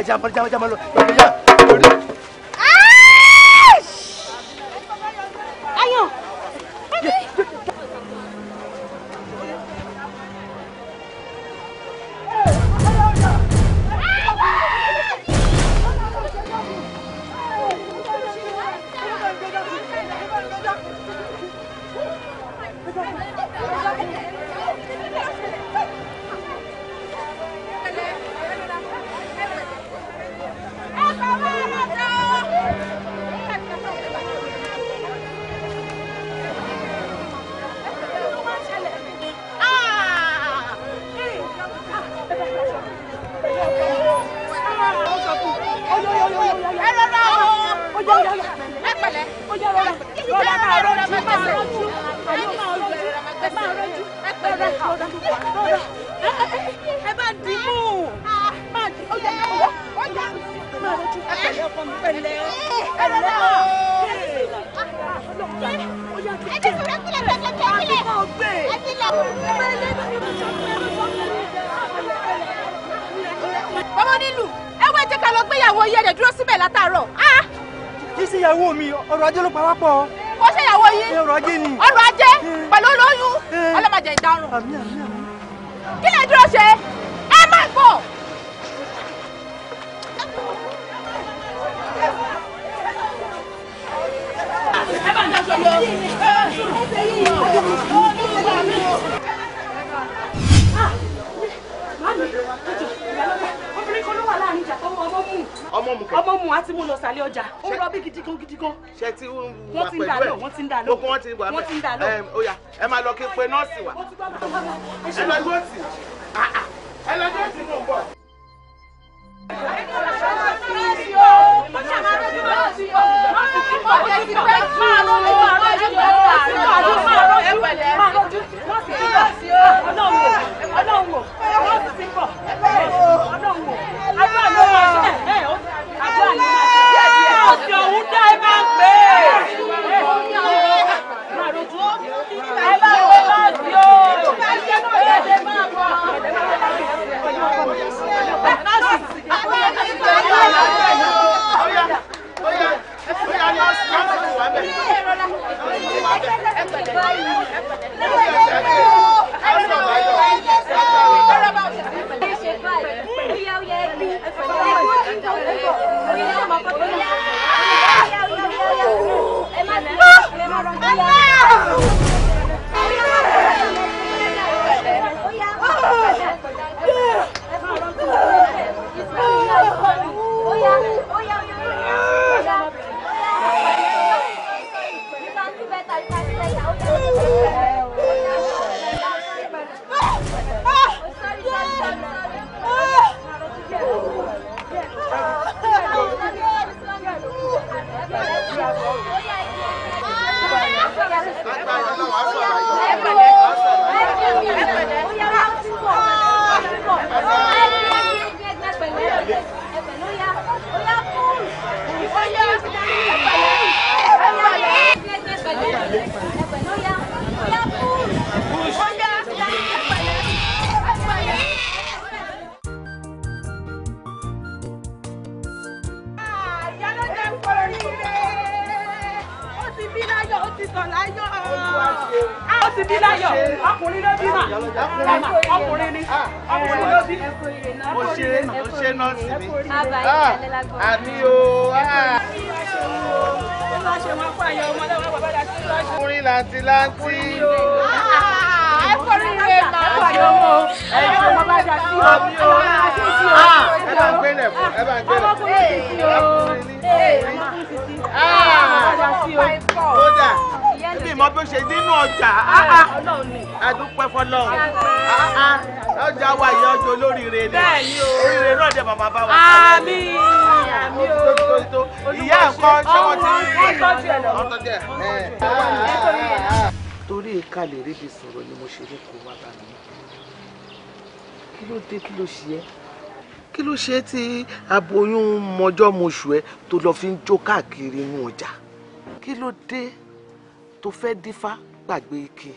jangan jangan jangan jangan jangan ọmọ mu kẹ. ọmọ mu àti mu lọ sàlẹ̀ ọjà ó ń rọbí gidigan gidigan. ṣe ti ń wà pẹ̀lú ẹ̀ wọ́n ti ń dà lọ wọ́n ti ń dà lọ wọ́n ti ń dà lọ. ẹ oya ẹ máa lọ kí pé nọ́ọ̀sì wa ẹ lọ nọ́ọ̀sì ah, ah. ẹ lọ nọ́ọ̀sì mò ń bọ̀. Ọlọ́run wò, ọlọ́run wò, ọlọ́run wò, ọlọ́run wò, agbára ló wà. Oh! bí láyọ̀ ọkùnrin ló bí mà ọkùnrin ni ọkùnrin ló bí. o ṣe o ṣe nọ́ọ̀sì mi ah, àmì o. Ah. ọkùnrin làǹtí làǹtí ayọ̀ mọ́ ẹ̀jọ̀ mọ́ bá jà sí o ah, ẹ bá ń gbé lẹ̀ fún ẹ bá ń gbé lẹ̀ fún ẹ bá ń gbé lẹ̀ fún kódà bí mo bó ṣe nínú ọjà adúpẹ́ fọlọ́run ọjà wa ìyá ọjọ́ olóríire ni oríire náà dẹ̀ bàbá bá wa. àmín àmín o ìyá ẹ̀kọ́ ṣé wọ́n ti rí ìrìn ọ̀tọ̀ díẹ̀. torí ìka lè ríbi sọ̀rọ̀ ni mo ṣe rí kó wá bá mi kí ló dé kí ló ṣe ẹ́ kí ló ṣe é tí aboyún mọjọ́ mọṣù ẹ tó lọ fi ń jó káàkiri inú ọjà kí ló dé tó fẹ́ dífá gbàgbé ike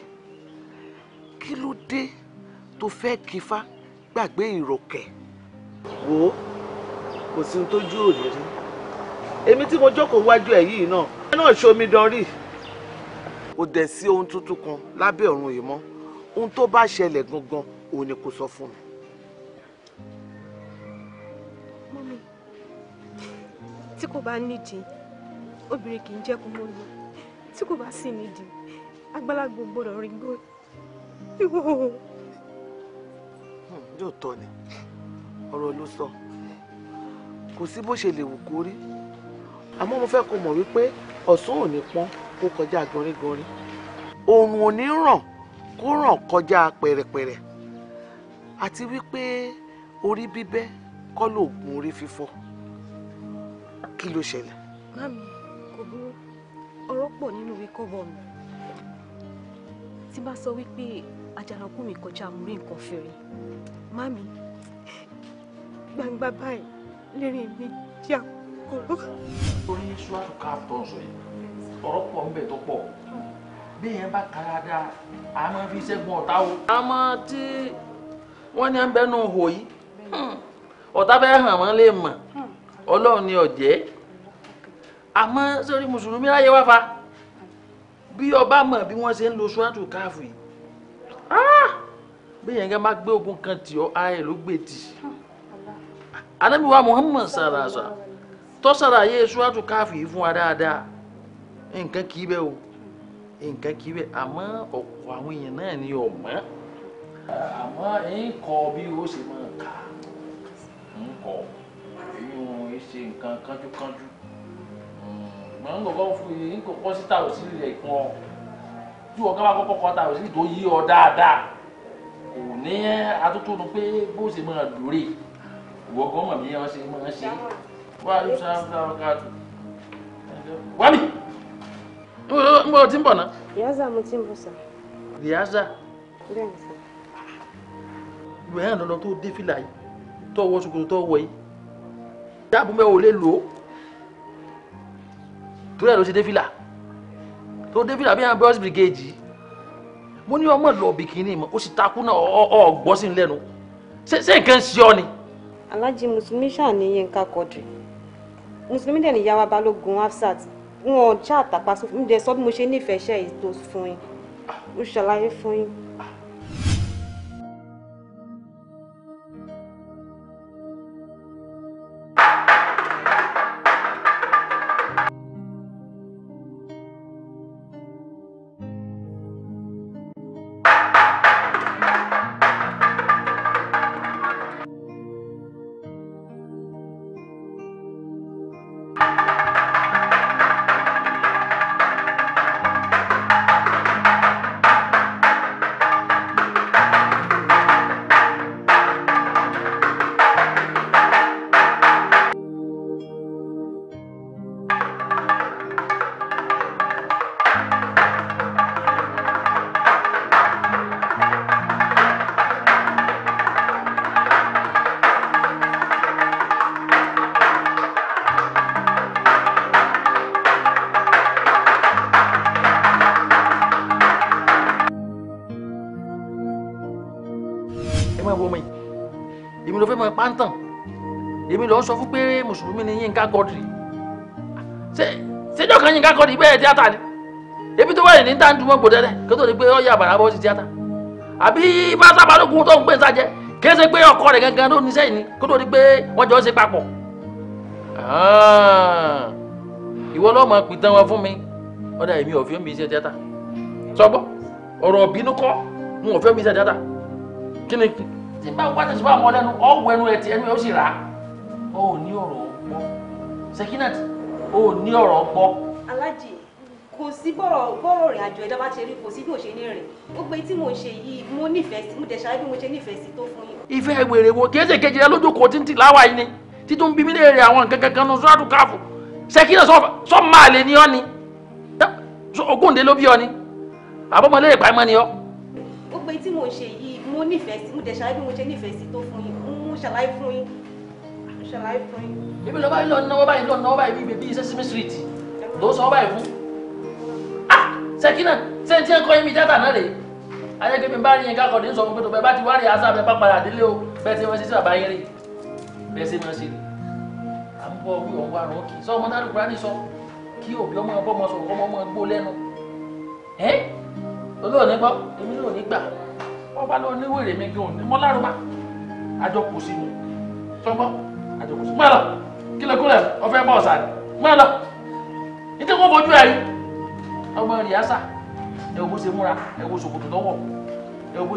kí ló dé tó fẹ́ kífá gbàgbé ìrọ̀kẹ̀ wò ó kò sí ní tójú òní rí èmi tí mo jókòó wájú ẹ yìí náà ẹ náà ṣomi dánrí ò dẹ̀ sí ohun tuntun kan lábẹ́ ọ̀run yìí mọ́ ohun tó bá ṣẹlẹ̀ gangan òun ni kò sọ fún mi. tí kò bá nídìí obìnrin kì í jẹ́ kó mọ́ lọ tí kò bá sì nídìí àgbàlagbà gbọ́dọ̀ rí gbó. yóò hmm, tọ́ ni ọ̀rọ̀ ló sọ kò sí bó ṣe lè wù kó rí àmọ́ mo fẹ́ kó mọ̀ wípé ọ̀sán ò ní pọ́n kó kọjá gọrígọrí oòrùn ò ní ràn kó ràn kọjá pẹ̀rẹ̀pẹ̀rẹ̀ àti wípé orí bíbẹ́ kọ́ lóògùn orí fífọ́ kí ló ṣẹlẹ̀. mami kò burú ọ̀rọ̀ pọ̀ nínú wíkọ́bọ̀ mi tí bá sọ wípé àjànàkú mi kọjá mú rí nǹkan fèrè mami gbangba báyìí lérí mi jẹ́ àkọ́kọ́. orí ṣúwájú ká tọ̀ sọ yìí ọ̀rọ̀ pọ̀ ń bẹ tó pọ̀ bí èèyàn bá kára dáa a fi ṣẹ́gun ọ̀tá o. àmọ́ tí wọ́n ní ẹ̀ ń bẹ́nu hò yìí ọ̀tá bẹ́ẹ̀ hàn wọ́n lè mọ̀ ọlọ́run ni ọ̀jẹ́ àmọ́ sórí mùsùlùmí láyé wá fa bí ọba mọ̀ bí wọ́n ṣe ń lo ṣúwátù káàfù yìí ah! bí yẹn ká má gbé ogun kan tì ọ́ ayé ló gbé tì Ànábì wa Muhammad sàràṣà tó ṣàlàyé ṣúwátù káàfù yìí fún wa dáadáa nǹkan kì í bẹ́ẹ̀ o nǹkan kì í bẹ́ẹ̀ àmọ́ ọ̀pọ̀ àwọn èèyàn náà ni ọ̀mọ́ àmọ́ ẹ̀ kọ́ bí o ṣe máa kà ń kọ́ ṣe nǹkan kánjúkánjú ṣùgbọ́n nǹkan fún yìí nǹkan kan síta ò sí ilẹ̀ ìpọn tí wọn káwá kọ́kọ́ kọ́ta sí tó yí ọ dáadáa kò ní atótónu pé bó ṣe máa lórí ìwọ mọ̀ bí wọ́n ṣe máa ṣe wá ló sá fúlá ọ̀gá tó wá n bọ̀ tí ń bọ̀ náà. ìyáza mo ti ń bọ̀ sà. ìyáza. bẹ́ẹ̀ ni sà. ìwé hàn lọ́dọ̀ tó dé fìlà yìí tó wọ ṣòkòtò tó wọ yìí jáàbù mẹ́wàá ò lè lò ó torí ẹ̀ ló ṣe dé fìlà tó dé fìlà bí i boys brigade yìí mo ní ọmọ lọ bìkínì mọ ó sì takú náà ọgbọ́n sí lẹ́nu ṣé nǹkan ṣe ọ ni. alájí mùsùlùmí ṣáà ní Yínká Quadri mùsùlùmí dẹ̀ ní ìyá wa balógun afsat wọn ò ṣáà tàpá sófin mi dẹ̀ sọ mo ṣe nífẹ̀ẹ́ iṣẹ́ ètò fún yín mo ṣàlàyé fún yín. mùsùlùmí ni Yínká Quadri ṣé ṣéjọ́ kan Yínká Quadri bẹ́ẹ̀ tíátà ni ebi tó wáyé ní tá ń dumọ́ gbòdẹ́lẹ̀ kí ó tó pé ó yẹ àbàrà sí tíátà àbí bá sábàlógún tó ń pè sájẹ kí pé ọkọ rẹ̀ gangan ló níṣẹ́ ìní kó tó di pé wọ́n jọ ṣe papọ̀ ìwọ lọ́mọ pìtàn wọn fún mi ọ̀dà èmi ò mi ṣe tíátà sọ́gbọ́ ọ̀rọ̀ ọ̀bínú kọ́ n mi ṣe tíátà kí ni tí bá wá tẹ̀síwá ọmọ lẹ́nu ọ̀wọ́ ẹnu ẹ̀ tí ẹnu ẹ̀ ó sì rà á o ò ní ọ̀rọ̀ gbọ́ Sekinat o ò ní ọ̀rọ̀ gbọ́. alájì kò sí bọ́rọ̀ bọ́rọ̀ rìn àjò ẹ̀dá bá ṣe rí kò sí bí ò ṣe ní rìn ó pé tí mo ṣe yìí mo nífẹ̀ẹ́ sí mo dẹ̀ ṣáájú mo ṣe nífẹ̀ẹ́ sí tó fún yín. ìfẹ́ wèrè wo kì í ṣe kejì rẹ lójú kò tí ń tì láwà yìí ni títún bí mi léèrè àwọn nǹkan kankan nù sọ́dún káfù Sekinat sọ máa lè ní ọ́ ni ogúnde ló bí ọ ni àbọ̀mọlé ìpamọ́ ni ọ́. ó pé tí mo ṣe yìí mo nífẹ̀ẹ́ sí mo dẹ̀ ṣàlàyé bí mo ṣe nífẹ̀ẹ́ sí tó fún yín mo ṣàlàyé fún yín ṣàlàyé fún yín. ibi lọ́ba yìí lọ náwó báyìí lọ náwó báyìí bíi bíi sesame street ló sọ báyìí fún. ah ṣèkínà ṣé tí ẹ kọ́ yín mi játa náà rèé ayẹ́gbẹ́ mi bá rí yín kákọ̀ọ́dé ń sọ fún pé tó bẹ́ẹ̀ bá ti wárí àṣà bẹ́ẹ̀ bá padà délé o bẹ́ẹ̀ ti wọ́n ṣe sí bàbá yín rí bẹ́ẹ̀ ṣe máa ṣe rí. à ń bọ̀ wí ọ̀wọ́ àrùn òkè sọ ọmọ táàlù kúránì sọ kí òbí ọmọ ọgbọ́n mọ sọ̀rọ̀ ọmọ gbó lẹ́nu. ẹ́ olóòní gbọ́ èmi náà ò ní gbà wọ́n bá lọ níwèrè mi gan-an ní mọ́lárùbá àjọkù sí mi sọ́gbọ́n àjòkòsí máa lọ kí lè kúrẹ̀ ọ̀fẹ́ bọ̀ ọ̀sà ni máa lọ ní tí wọ́n fojú ẹ̀ yìí ọmọ rìásà ẹ wo bó ṣe múra ẹ wo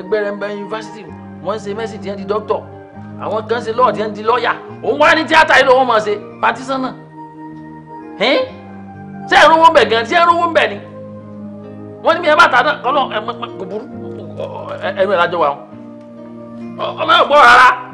ń bẹ yunifásitì wọ́n ṣe mẹ́sì tí wọ́n di dókítọ̀ àwọn kan ṣe lọ́ọ̀ tí wọ́n di lọ́ọ̀yà òun wá ní tíátà yìí lọ́wọ́ máa ṣe patisán náà. ṣé ẹ rówó ń bẹ̀ gan ṣé ẹ rówó ń bẹ̀ ni wọ́n ní bí ẹ bá ta náà kọ́ lọ́ọ̀ ẹ mọ̀ kò burú ẹ̀mí ìlàjọ wa ọ̀nà ìgbọ́ rárá.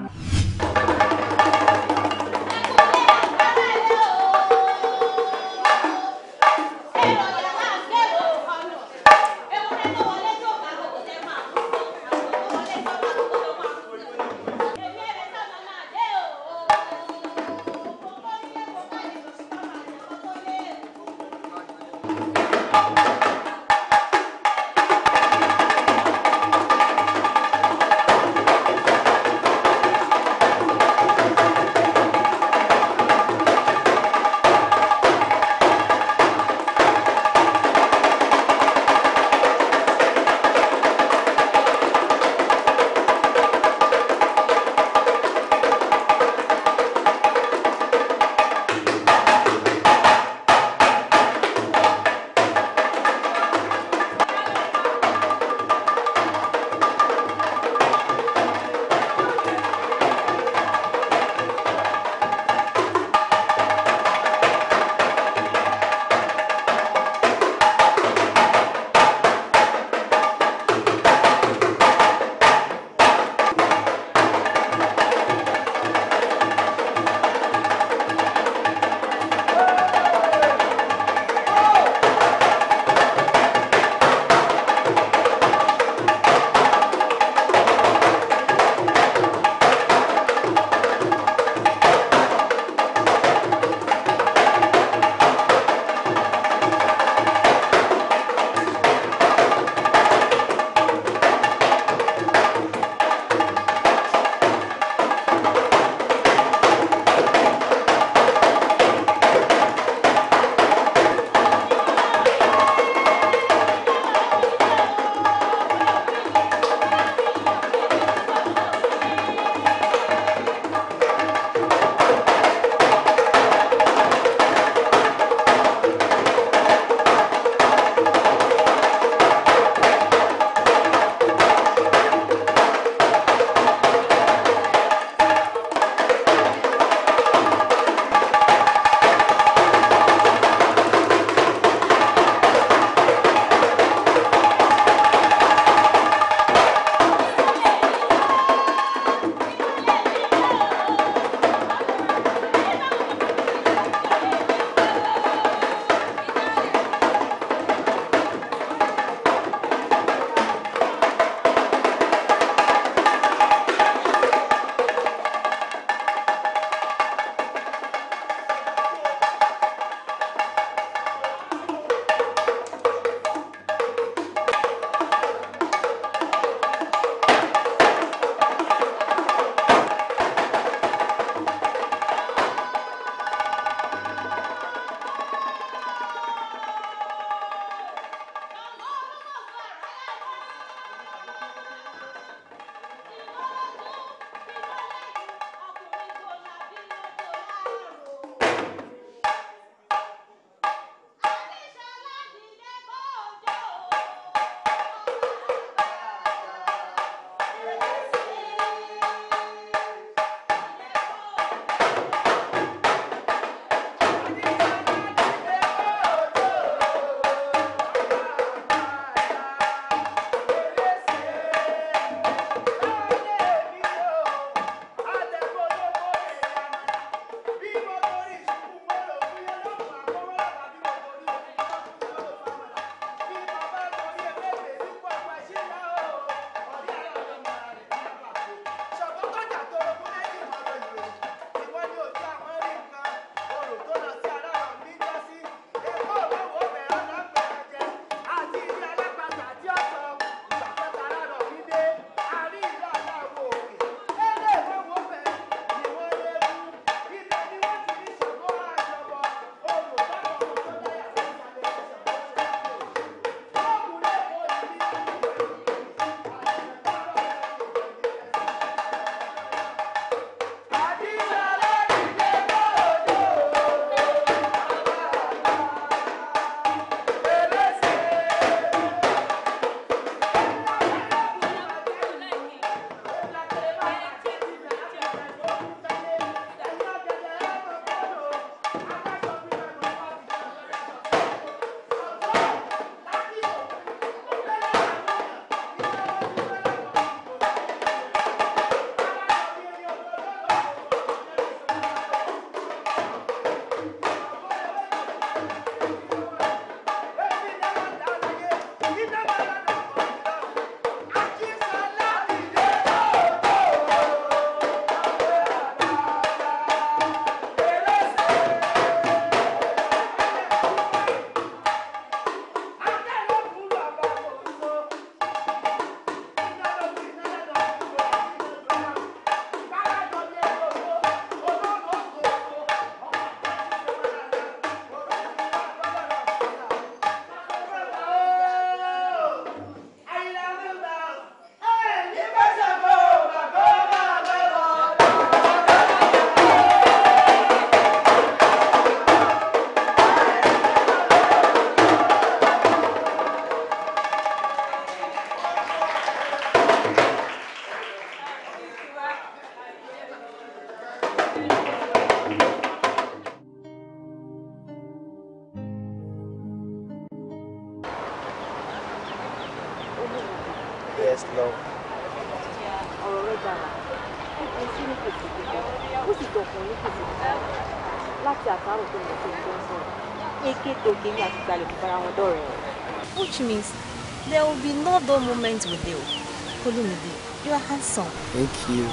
Kolumide, you are handsome. Thank you.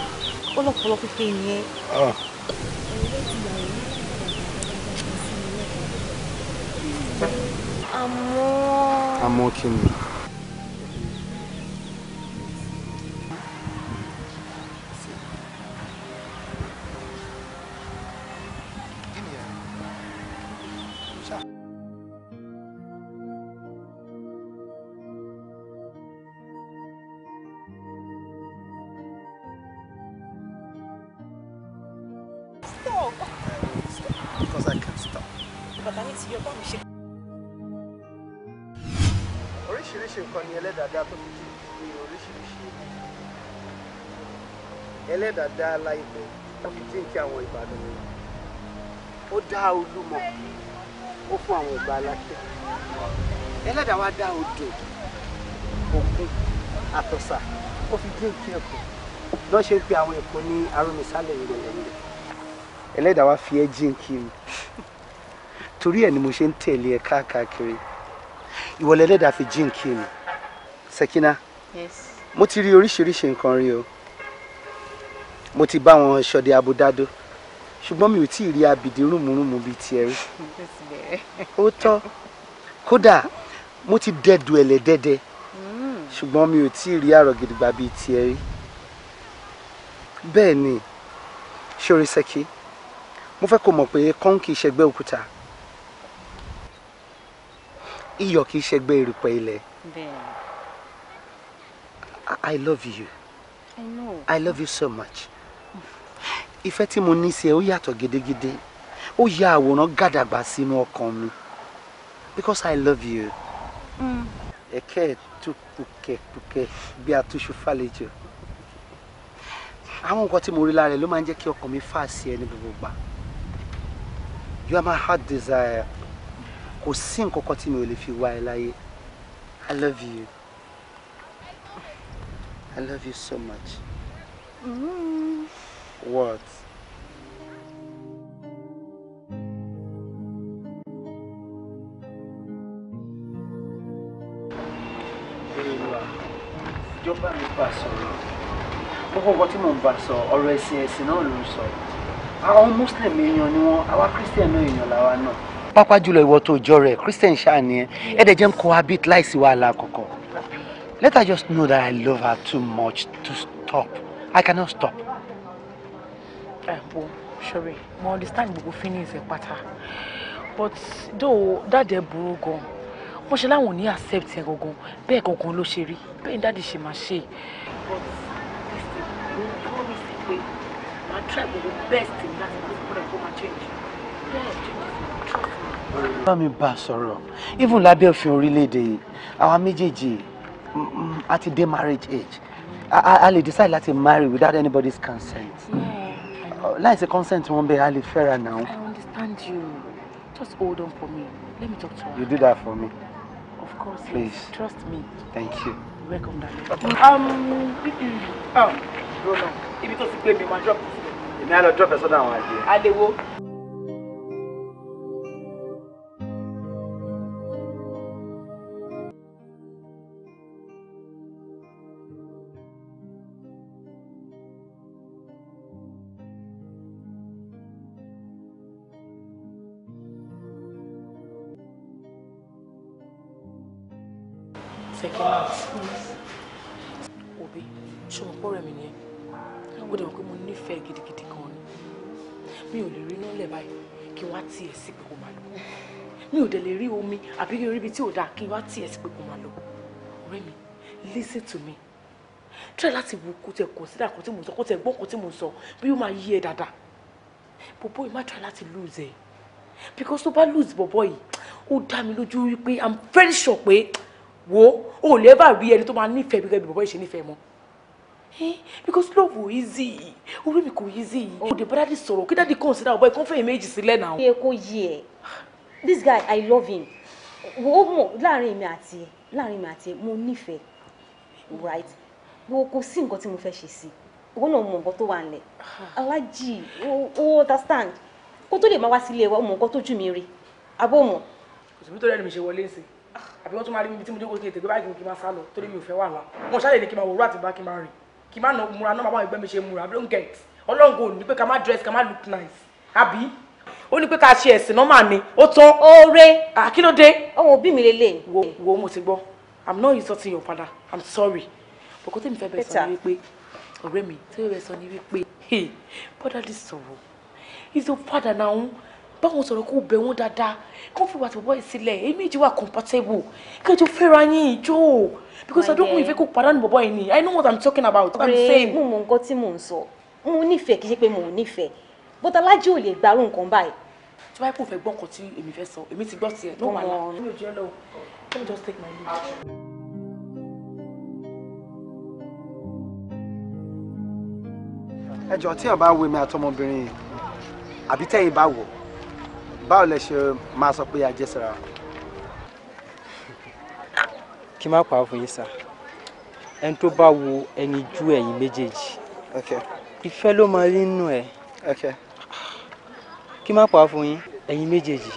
Ọlọ́pọlọ pípé ni ẹ́. Ah. Àmọ́. Àmọ́ kí ni? láyé pé wọ́n fi jíǹkí àwọn ìbàdàn mi ó dá olúmọ ó fún àwọn ìgbà aláṣẹ ẹlẹ́dàá wa dá odò òkun àtọ̀sà ó fi jíǹkí ẹ̀kọ́ lọ́ ṣe ń pe àwọn ẹ̀kọ́ ní arómisálẹ̀ ìrẹ̀lẹ̀ ẹlẹ́dàá wa fi ẹ́ jíǹkí mi torí ẹ̀ ni mo ṣe ń tẹ̀lé ẹ káàkiri ìwọlẹ̀ ẹlẹ́dàá fi jíǹkí mi Sekina yes. mo ti rí oríṣiríṣi nǹkan rí o mo ti bá wọn ṣọdẹ abodado ṣùgbọ́n mi ò tí ì rí abìdí rùmùrùmù bíi tiẹ̀ rí ó tọ́ kódà mo ti dẹ̀dù ẹ̀lẹ́dẹ́dẹ́ hmm. ṣùgbọ́n mi ò tí ì rí àrògidìgbà bíi tiẹ̀ rí bẹ́ẹ̀ ni ṣoríṣẹ́kí mo fẹ́ kó mọ̀ pé kọ́ń kì òkúta iyọ̀ kì í ṣẹgbẹ́ erùpẹ̀ ilẹ̀ I love you I love you so much ìfẹ́ tí mo ní sí ẹ ó yàtọ̀ gédégédé ó ya àwòrán gàdàgbà sínú ọkàn mi because I love you. Mm. ẹ̀kẹ́ tú pùkẹ́pùkẹ́ bí atúṣu fàlejò àwọn nǹkan tí mo rí lára ẹ ló máa ń jẹ́ kí ọkàn mi fà sí ẹ ní gbogbo gbà you are my heart desire kò sí nǹkan kan tí mi ò lè fi wá ẹ láyé I love you. I love you so much. Mm. What? ìjọba mi bá sọ̀rọ̀ gbogbo nǹkan tí mò ń bá sọ ọ̀rọ̀ ẹ̀sìn ẹ̀sìn náà ló ń sọ àwọn muslim èèyàn ni wọn àwa christian náà èèyàn làwa náà. pápá jùlọ ìwọ tó jọ rẹ christian ṣáà ni ẹ ẹ dẹ jẹ ń cohabit láìsí wàhálà kọkọ let her just know that i love her too much to stop i cannot stop ẹ wo this time, we gbogbo finish ẹ pátá but though that burú gan wọ́n ṣe láwọn ò accept ẹ gangan Be gangan ló ṣe rí bẹ́ẹ̀ ni dáàdì ṣe máa ṣe. but this thing mo promise pé màá try gbogbo best thing láti make sure kó máa change bá mi bá sọ̀rọ̀ even lábẹ́ òfin orílẹ̀-èdè yìí àwa méjèèjì mm, mm, a dé marriage age a lè decide láti marry without anybody's consent. Yeah. Uh, láìsí consent wọn bẹ́ẹ̀ a lè fẹ́ra náà. I understand you just hold on for me let me talk to her. You do that for me. Of course please yes. trust me. Thank you. Welcome darling. um mm-hmm. oh, If tó ti pé mi máa drop èmi á lọ drop a sudden idea. I àlewo. fẹ́ kí náà òbí ṣùgbọ́n pọ́rọ̀ mi nìyẹn ó dẹ̀ mọ̀ pé mo nífẹ̀ẹ́ gidigidi gan ni mi ò lè rí iná lẹ̀ báyìí kí wá tiẹ̀ sí pé kò máa lọ mi ò listen to me try láti wo kó tẹ consider kó tí mo sọ kó tẹ gbọ́ kó tí mo sọ bí ó máa yí ẹ dáadáa bòbó yìí má try láti lose ẹ because tó bá lose bòbó yìí ó dá mi lójú wípé i'm very sure pé wo o ò lè bá rí ẹni tó máa nífẹ̀ẹ́ bí gẹ́gẹ́ bí bọ́bọ́ ìṣe because love ò easy orí mi kò easy o dé bọ́dá di sọ̀rọ̀ kí dáàdi consider ọ̀bọ̀ ìkànfẹ́ yìí méjì sílẹ̀ náà. ẹ kò yí this guy i love him wo ó mọ láàrin mi àti ẹ láàrin mi àti mo nífẹ̀ẹ́ right wo kò sí nǹkan tí mo fẹ́ ṣe sí owó náà mọ nǹkan tó wà nílẹ̀ alájì o understand kó to lè máa wá sílé wa ó mọ nǹkan tó jù mí rí abó mọ. òṣèlú tó rẹ́ni mi ṣe wọlé sí àbí wọ́n tún máa rí ibi tí mo jókòó kí n tètè báyìí kí n máa sá lọ torí mi ò fẹ́ wà lá mo ṣáà lè kí n máa wòrú àti bá kí n máa rìn kí n máa nà múra náà báwọn ẹgbẹ́ mi ṣe múra bí ó ń ọlọ́run kò ní pé ká má dress ká má look nice àbí ó ní pé ká ṣe ẹ̀sìn náà máa ní ó tán. oore àkínódé. ọmọ òbí mi lélẹ̀. wo wo mo ti gbọ́ i'm not insulting your father i'm sorry bọ̀kọ́ tèmi fẹ́ bẹ̀rẹ̀ sọ ni wípé ọ̀rẹ́ mi tèmi fẹ́ bá sọ̀rọ̀ kó bẹ̀ wọ́n dáadáa kó fi wàtí bọ́bọ́ yìí sílẹ̀ èmi ìjì wà comfortable kẹjọ fẹ́ra yín ìjọ because I don't want ìfẹ́ kó pàdánù bọ́bọ́ yìí ni I know what I'm talking about I'm mo mọ nǹkan tí mò ń sọ mo nífẹ̀ẹ́ kì í ṣe pé mo ò nífẹ̀ẹ́ bọ́tà alájí ò lè gbárù nǹkan báyìí. tí wàá kò fẹ́ gbọ́ nǹkan tí èmi fẹ́ sọ èmi ti gbọ́ tiẹ̀ tó wà láà mi ò tí ẹ wo mi àtọmọbìnrin àbí tẹ̀yin bá wò báwo lẹ ṣe máa sọ pé àjẹsára. kí n má pa fún yín sá ẹni tó bá wo ẹni ju ẹ̀yin méjèèjì ìfẹ́ ló máa rí nínú ẹ̀ kí n má pa fún yín ẹ̀yin méjèèjì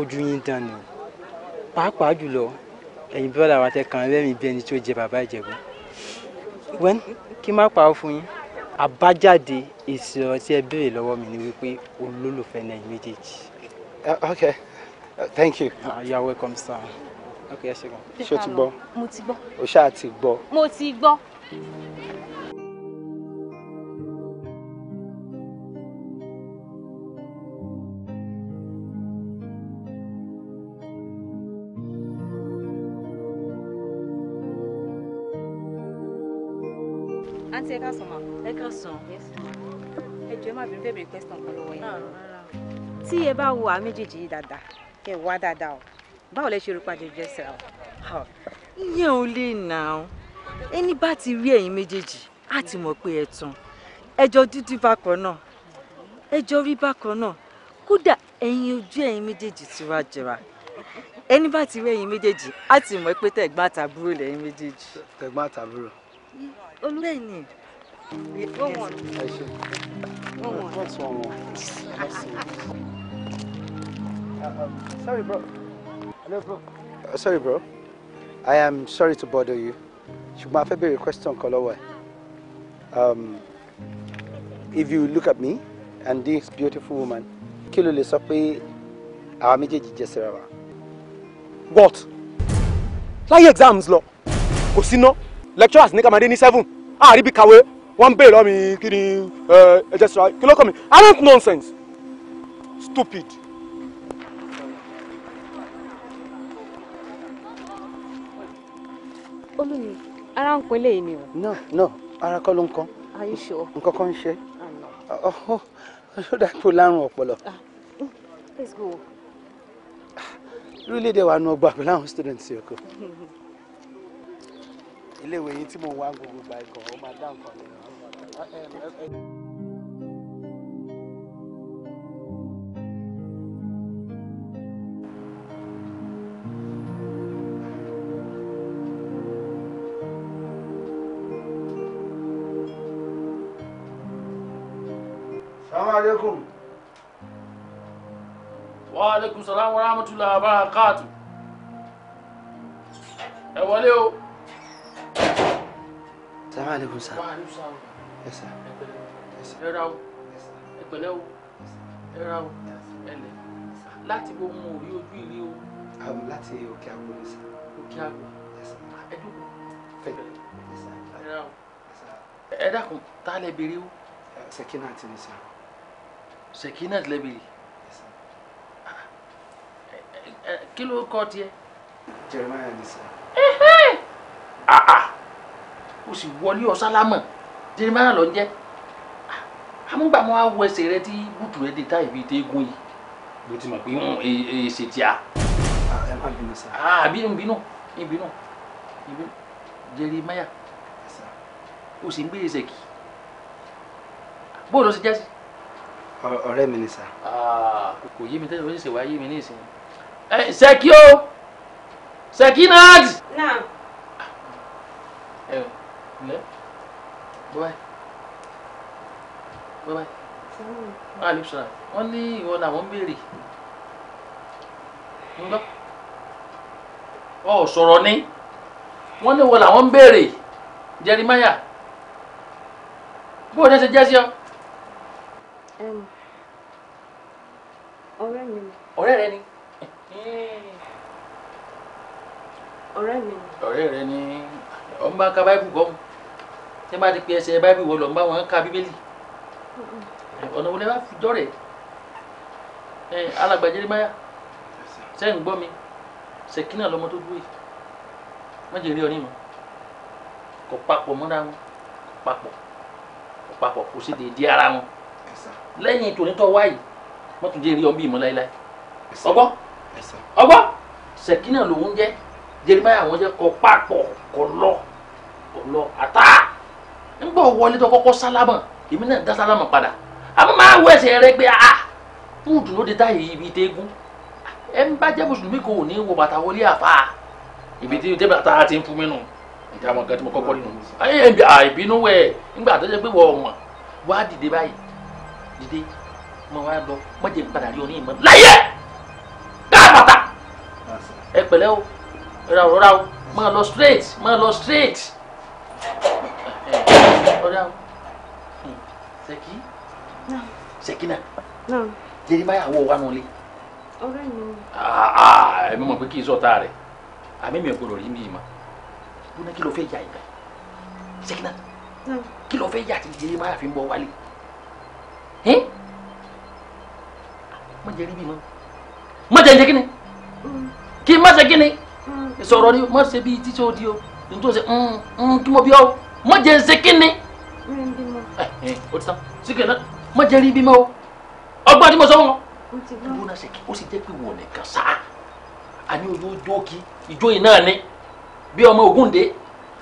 ojú yín dán ni o pàápàá jùlọ ẹ̀yin bọ́dà wa tẹ kàn rẹ́rìn bí ẹni tó jẹ bàbá Ìjẹ̀bú wẹ́n kí má pa fún yín àbájáde èsì ọ̀rọ̀ tí ẹ béèrè lọ́wọ́ mi ni wípé olólùfẹ́ ni ẹ̀yin méjèèjì. Uh, okay. Uh, thank you. Uh, you welcome, sir. Okay, ẹ ṣe gan. Ṣé o ti gbọ́? Mo ti gbọ́. O ṣáà ti gbọ́. Mo ti gbọ́. Àǹtí ẹ ká sàn ma. Ẹ ká sàn. question kan lọ́wọ́ yín tí ẹ bá wo àwọn méjèèjì yìí dáadáa kẹ wá dáadáa o báwo lẹ ṣe rúpa jẹjẹ síra o ìyẹn ò lè nà ó ẹni bá ti rí ẹ̀yin méjèèjì á ti mọ̀ pé ẹ tán ẹjọ dúdú bákan náà ẹjọ rí bákan náà kódà ẹ̀yin ojú ẹ̀yin méjèèjì ti wá jẹra ẹni bá ti rí ẹ̀yin méjèèjì á ti mọ̀ pé tẹ̀gbọ́n àtàbúrò lẹ́yìn méjèèjì. tẹ̀gbọ́n àtàbúrò. olúwẹ̀ ni ẹ ṣe. wọ́n wọ̀n. wọ́n wọ̀n sorry, bro. Hello, bro. Uh, sorry, bro. I am sorry to bother you. Should my fẹ́ béèrè question kan lọ́wọ́ ẹ̀. Um, if you look at me and this beautiful woman, kilo le lè sọ pé àwa What? Like exams lọ, kò sí ná. Lecturers ní Kàmádé ní seven. Ah bí kàwé, One ń béèrè lọ́mi kí ni uh, ẹ̀jẹ̀ sọ̀rọ̀ kí ló I don't nonsense. Stupid. olùmí ara ń pin léyìí ni o. no no ara kọ́ ló ń kọ́. are you sure. nǹkan kan ń ṣe. ọ̀hún ṣọ́dà tó lárùn ọpọlọ. Ah, mm, let's go. orílẹ̀-èdè wa nu ọgbà pẹ̀lú àwọn students yòókù. iléèwé yìí tí mo wá gbogbo ìgbà ìkọ̀ ó máa dá nǹkan lẹ́nu. Ah, eh, eh, eh. salamu alaikum wa alaikum salam wa rahmatullahi wa barakatuh ẹ wọlé o. salamu alaikum sa. ẹ sà. ẹ ra o ẹ pẹ̀lẹ́ o ẹ ra o ẹ lẹ láti bó mu òrí ojú ìrí o. àwọn um, láti òkè àgbo ni sà. òkè àgbo ẹ dúró ẹ ra o ẹ dákun tá a lè béèrè o. Uh, Sakina ti ni sà. Sekinat lebili Kí ló kọ́ tiẹ̀? Jeremiah Nisa. Ah, ah! O sì wọlé ọ̀sálámọ̀ Jeremiah ló ń jẹ́. Ah, Amúgbàmọ́ á wọ ẹsẹ̀ rẹ tí bùtù rẹ dé tá ìbí tẹ́gùn yìí. Mo ti mọ̀ pé ń e, e, ṣe tíya. Ẹ má bínú sá. Àbí ń O sì ń gbé ẹsẹ̀ kì. Bóòlù ó ṣe jẹ́ sí ọ̀rẹ́ mi ni sà. kò yé mi tẹ́lẹ̀ ó sì ṣèwà yé mi ní ìsìn. ṣèkí o Sekinat. náà. ẹ ò lẹ́ bọ́ẹ̀ bọ́ẹ̀ wọ́n á lè sọ̀rọ̀ wọ́n ní ìwọ làwọn ń béèrè. ọ sọ̀rọ̀ ni wọ́n ní ìwọ làwọn ń béèrè Jeremiah bó o ṣe jẹ́ sí ọ. ọ̀rẹ́ rẹ ni. ọ̀rẹ́ mi ni. ọ̀rẹ́ rẹ ni ọ̀n bá ka báíbù kọ́ mu tí wọ́n bá ti pe ẹsẹ̀ báíbù wọ́n lọ ń bá wọn ka bíbélì ọ̀nà wo lè bá fi dọ́rẹ̀ ẹ alàgbàjẹ́rẹ́ máyà sẹ́ ń gbọ́ mi sẹ̀kínà lọmọ tó dúró yìí wọ́n jẹ́ rí ọ nínú kò papọ̀ mọ́ra wọn kò papọ̀ kò papọ̀ kò sí déédéé ara wọn lẹ́yìn tòun tó wáyìí wọ́n tún jẹ́ rí ọ bí ìmọ̀ láéláé ọgbọ́ ọgbọ́ sẹ̀kínà lòún jẹ́ jeremiah wọn jẹ́ kọ́ pápọ̀ kọ́ lọ kọ́ lọ ata ńgbọ́ wọlé tó kọ́kọ́ sálámà èmi náà dá sálámà padà àmọ́ máa wọ ẹsẹ̀ rẹ pé a ah, fúùdù ló dé táyì ibi tẹ́gùn ẹ ń bá jẹ́ mùsùlùmí kò ní wọ bàtà wọlé àfa ibi tí jẹ́ bàtà ti ń fún mi nù ìjà àwọn kan tí mo kọ́kọ́ nínú ayé ah, ìbínú ẹ̀ ńgbà tó ṣe pé wọ́n wọ̀n wá dìde báyìí dìde mo wá lọ mọ̀jẹ̀ padà rí oní ìmọ̀ láyé ẹ pẹ̀lẹ́ o ra o ra o máa lọ straight máa lọ straight ọ̀rẹ́ o ṣèkí ṣèkí náà jeremaya wọ wa nulẹ̀. ọ̀rẹ́ mi o. ẹ̀mí mọ̀ pé kí n sọ̀tà rẹ̀ àmì mi ò gbọdọ̀ rí mi mọ́ bóná kí ló fẹ́ yà ibà ṣèkí náà kí ló fẹ́ yà àti jeremaya fi ń bọ̀ wálé mọ̀ jẹ́rí bí mọ́ mọ̀ jẹ́ jẹ́ kí ni. Mm kí n má ṣe kíni sọ̀rọ̀ hmm. ni má ṣe bíi títí o di o n tó ṣe n hmm, hmm, kí mo bí o má jẹ ṣe kíni. o eh, eh, ti tán síkè náà má jẹ rí bímọ o ọgbọ́n tí mo sọ wọn. ìwọ náà ṣe kí ó sì jẹ́ pé wọ̀n nìkan sáà àní ojú ojó o ìjó yìí náà ni bí ọmọ Ògúndé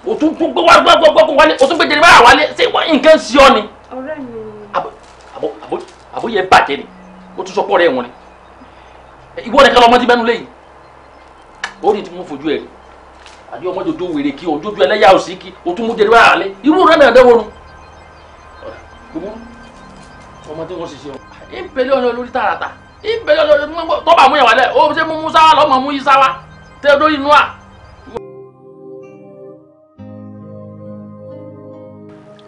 o tún tún gbé wálé gbọ́gbọ́gbọ́ wálé o tún gbé jẹrìí báyà wálé ṣé nǹkan sí ọ ni. ọ̀rẹ́ mi abo, abo, abo, abo, yẹ bàjẹ́ ni o tún sọ pọ̀ rẹ̀ wọn ni ìwọ nìkan lọ́mọ ti bẹ́nu léyìí ó ní tí mo fojú ẹ̀ àbí ọmọ jòjó wèrè kí ojoojú ẹlẹ́yà òsì kí o tún mú jẹrẹ wá àlẹ́ irú rẹ̀ náà dẹ́wọ́nu gbogbo ọmọ tí wọ́n ṣiṣẹ́ wọn. ìpele ọ̀nà olórí tààràtà ìpele ọ̀nà olórí tọ́ba mú ìwàlẹ̀ ó ṣe mú musa wa lọ́mọ mú isa wa tẹ́ lórí inú à.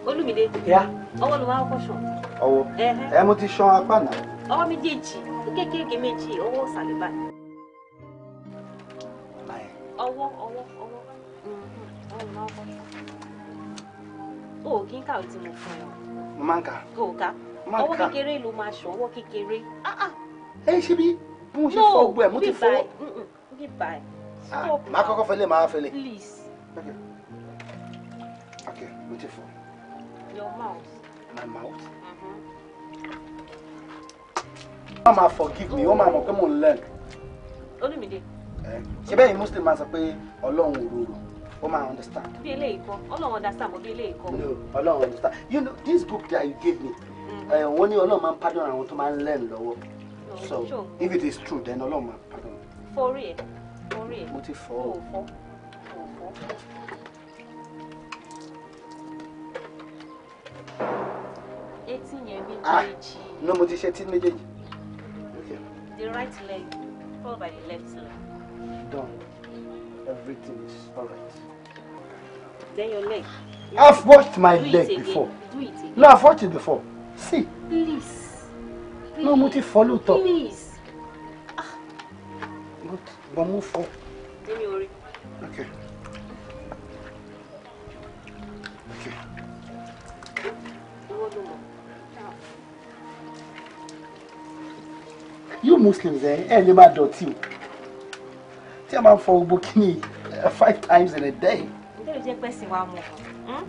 olùmìdé ọwọ́ ló máa ń kọ́ sàn. ọwọ́ ẹ mo ti sàn apá náà. ọwọ́ méjèèjì kéékèèké méjì ọwọ́ òsàlẹ̀ báyìí ọwọ́ ọwọ́ ọwọ́ mm-hmm. ọwọ́ máa ń kọ́ o ò kí ń kà ó ti mọ̀ fún ẹ o. mo máa ń kà. o ò ká ọwọ́ kékeré ló máa ṣọ ọwọ́ kékeré. Ah, ah. ẹ ṣe bí bí mo ṣe fọ ọgbọ ẹ mo ti fọ. bí báyìí máa kọ́kọ́ fẹ́lẹ̀ máa fẹ́lẹ̀. please. okay okay mo ti fọ. your mouth. my mouth. wọ́n mm-hmm. máa forgive me wọ́n máa mọ̀ pé mo ń me olùmídé ṣe bẹ́ẹ̀ ni muslim máa sọ pé ọlọ́run òróró ó máa understand. bí eléyìí kọ́ ọlọ́run understand bí eléyìí kọ́. no ọlọ́run understand you know this book that you gave me mm. eh, wọ́n ní ọlọ́run máa ń pardon àwọn tó máa ń learn lọ́wọ́ oh, so if it is true then ọlọ́run máa pardon. forí ẹ forí ẹ mo ti fọ ọ. etí yẹn méjèèjì. Ah, no mo ti ṣe etí méjèèjì. the right leg followed by the left leg done. Everything is alright. Then your leg. Your I've washed my leg again. before. Do it No, I've washed it before. See. Please. No, mo follow talk. Please. Ah. But, but move for. Then you worry. Okay. Okay. You Muslims, eh? Ẹ lè má dọ̀tí tí a máa ń fọ gbogbo kíni eh, five times in a day. ilé ìjẹ́ pẹ̀sìn wa mọ̀. Hmm?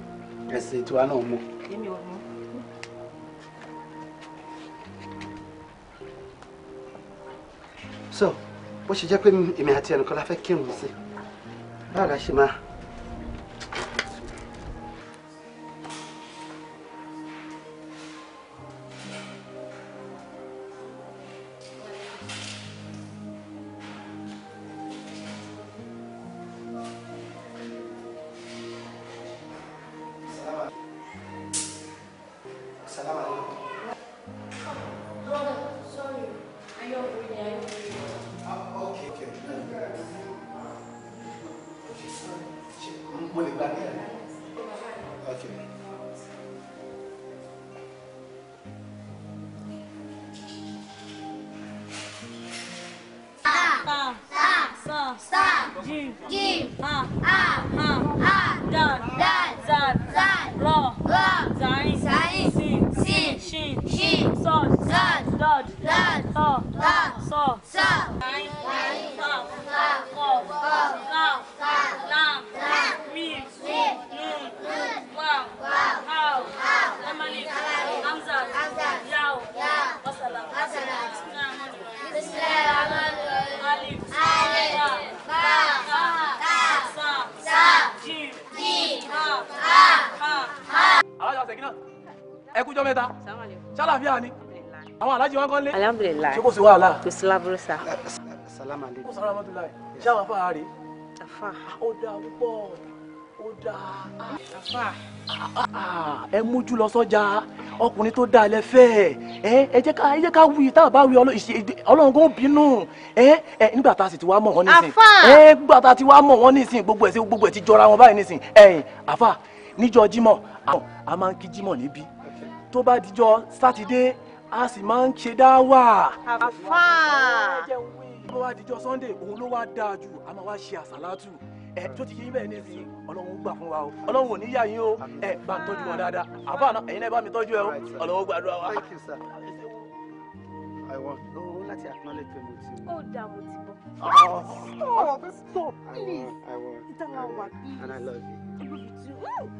ẹ̀sìn tiwa náà mọ̀. èmi ò mọ̀. so bó ṣe jẹ́ pé èmi àti ẹnìkan la fẹ́ kírun sí báwo la ṣe máa. náà ẹ kújọ mẹ́ta ṣàlàfíà ni àwọn alájí wọn kàn lé. alhamdulilayi ṣé kò sí wàhálà. kò sí laburu sa. salamu aleykum. kò sára mọ́tò láyé ṣé àwọn afáà rè. afa. ó dáa púpọ̀ ó dáa. Ah, ah, ẹ mójú lọ sọ́jà ọkùnrin tó dáa lẹ ẹ ẹ ká ẹ jẹ́ ká wí tá a bá wí ọlọ́run kò bínú ẹ ẹ nígbà tá a sì ti wá mọ̀ wọ́n nísìn. afa. ẹ nígbà tá a ti wá mọ̀ wọ́n nísìn gbogbo ẹ̀ sí ti jọra wọn báyìí nísìn ẹ̀yìn afa níjọ́ jímọ̀ a máa ń kí jímọ̀ níbí tó bá dijọ́ sátidé a sì máa ń ṣe dáwà. àfáà tó bá dijọ́ sunday òun ló wá dáa jù a máa wá ṣe àsálátù ẹ tó ti yí bẹ́ẹ̀ ní sí ọlọ́run gbà fún wa o ọlọ́run ò ní yà yín o ẹ bá ń tọ́jú wọn dáadáa àbá àná ẹ̀yin náà bá mi tọ́jú ẹ o ọlọ́run gbàdúrà wa. i want owó oh, láti acknowledge ó dà mo ti bọ̀. Ah. stop stop please. i want i want and i love you. i love you too.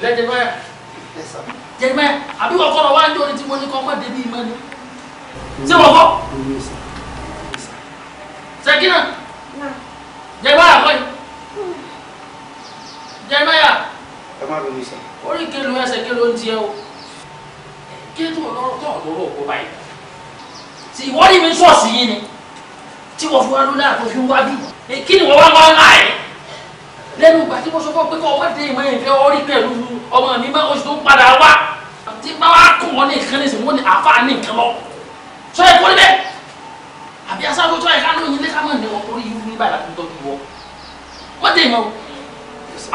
ilé jẹ báyà jẹ báyà àbí wọn kọ́ lọ ni tí mo ní kọ́ mọ́ débi ìmọ̀ ni ṣé wọ́n kọ́ ṣèkínà jẹ báyà kọ́ yìí jẹ báyà orí kelu ẹsẹ̀ kelu ń tiẹ̀ o kí ló tó lọ́rọ̀ tó lọ́rọ̀ kó báyìí tí ìwọ́n ní mi ni tí wọ́n fi wá lónìí àtòfin wá bí kí ni wọ́n wá wá láàyè lẹ́nu ìgbà tí mo sọ fún ọ pé kọ́ ọmọdé ìmọ̀ yẹn fẹ́ ọrí pẹ̀lú ọmọ mi má oṣù tó padà wá àti bá wa kùn wọn ní nǹkan ní ìsìn wọn ní àáfàá ní nǹkan lọ sọ yẹ kó níbẹ̀ àbí aṣáájú tó yẹ ká ló yin lé ká mọ̀ ní wọn orí irú ní báyìí láti tọ́jú wọ ọmọdé ìmọ̀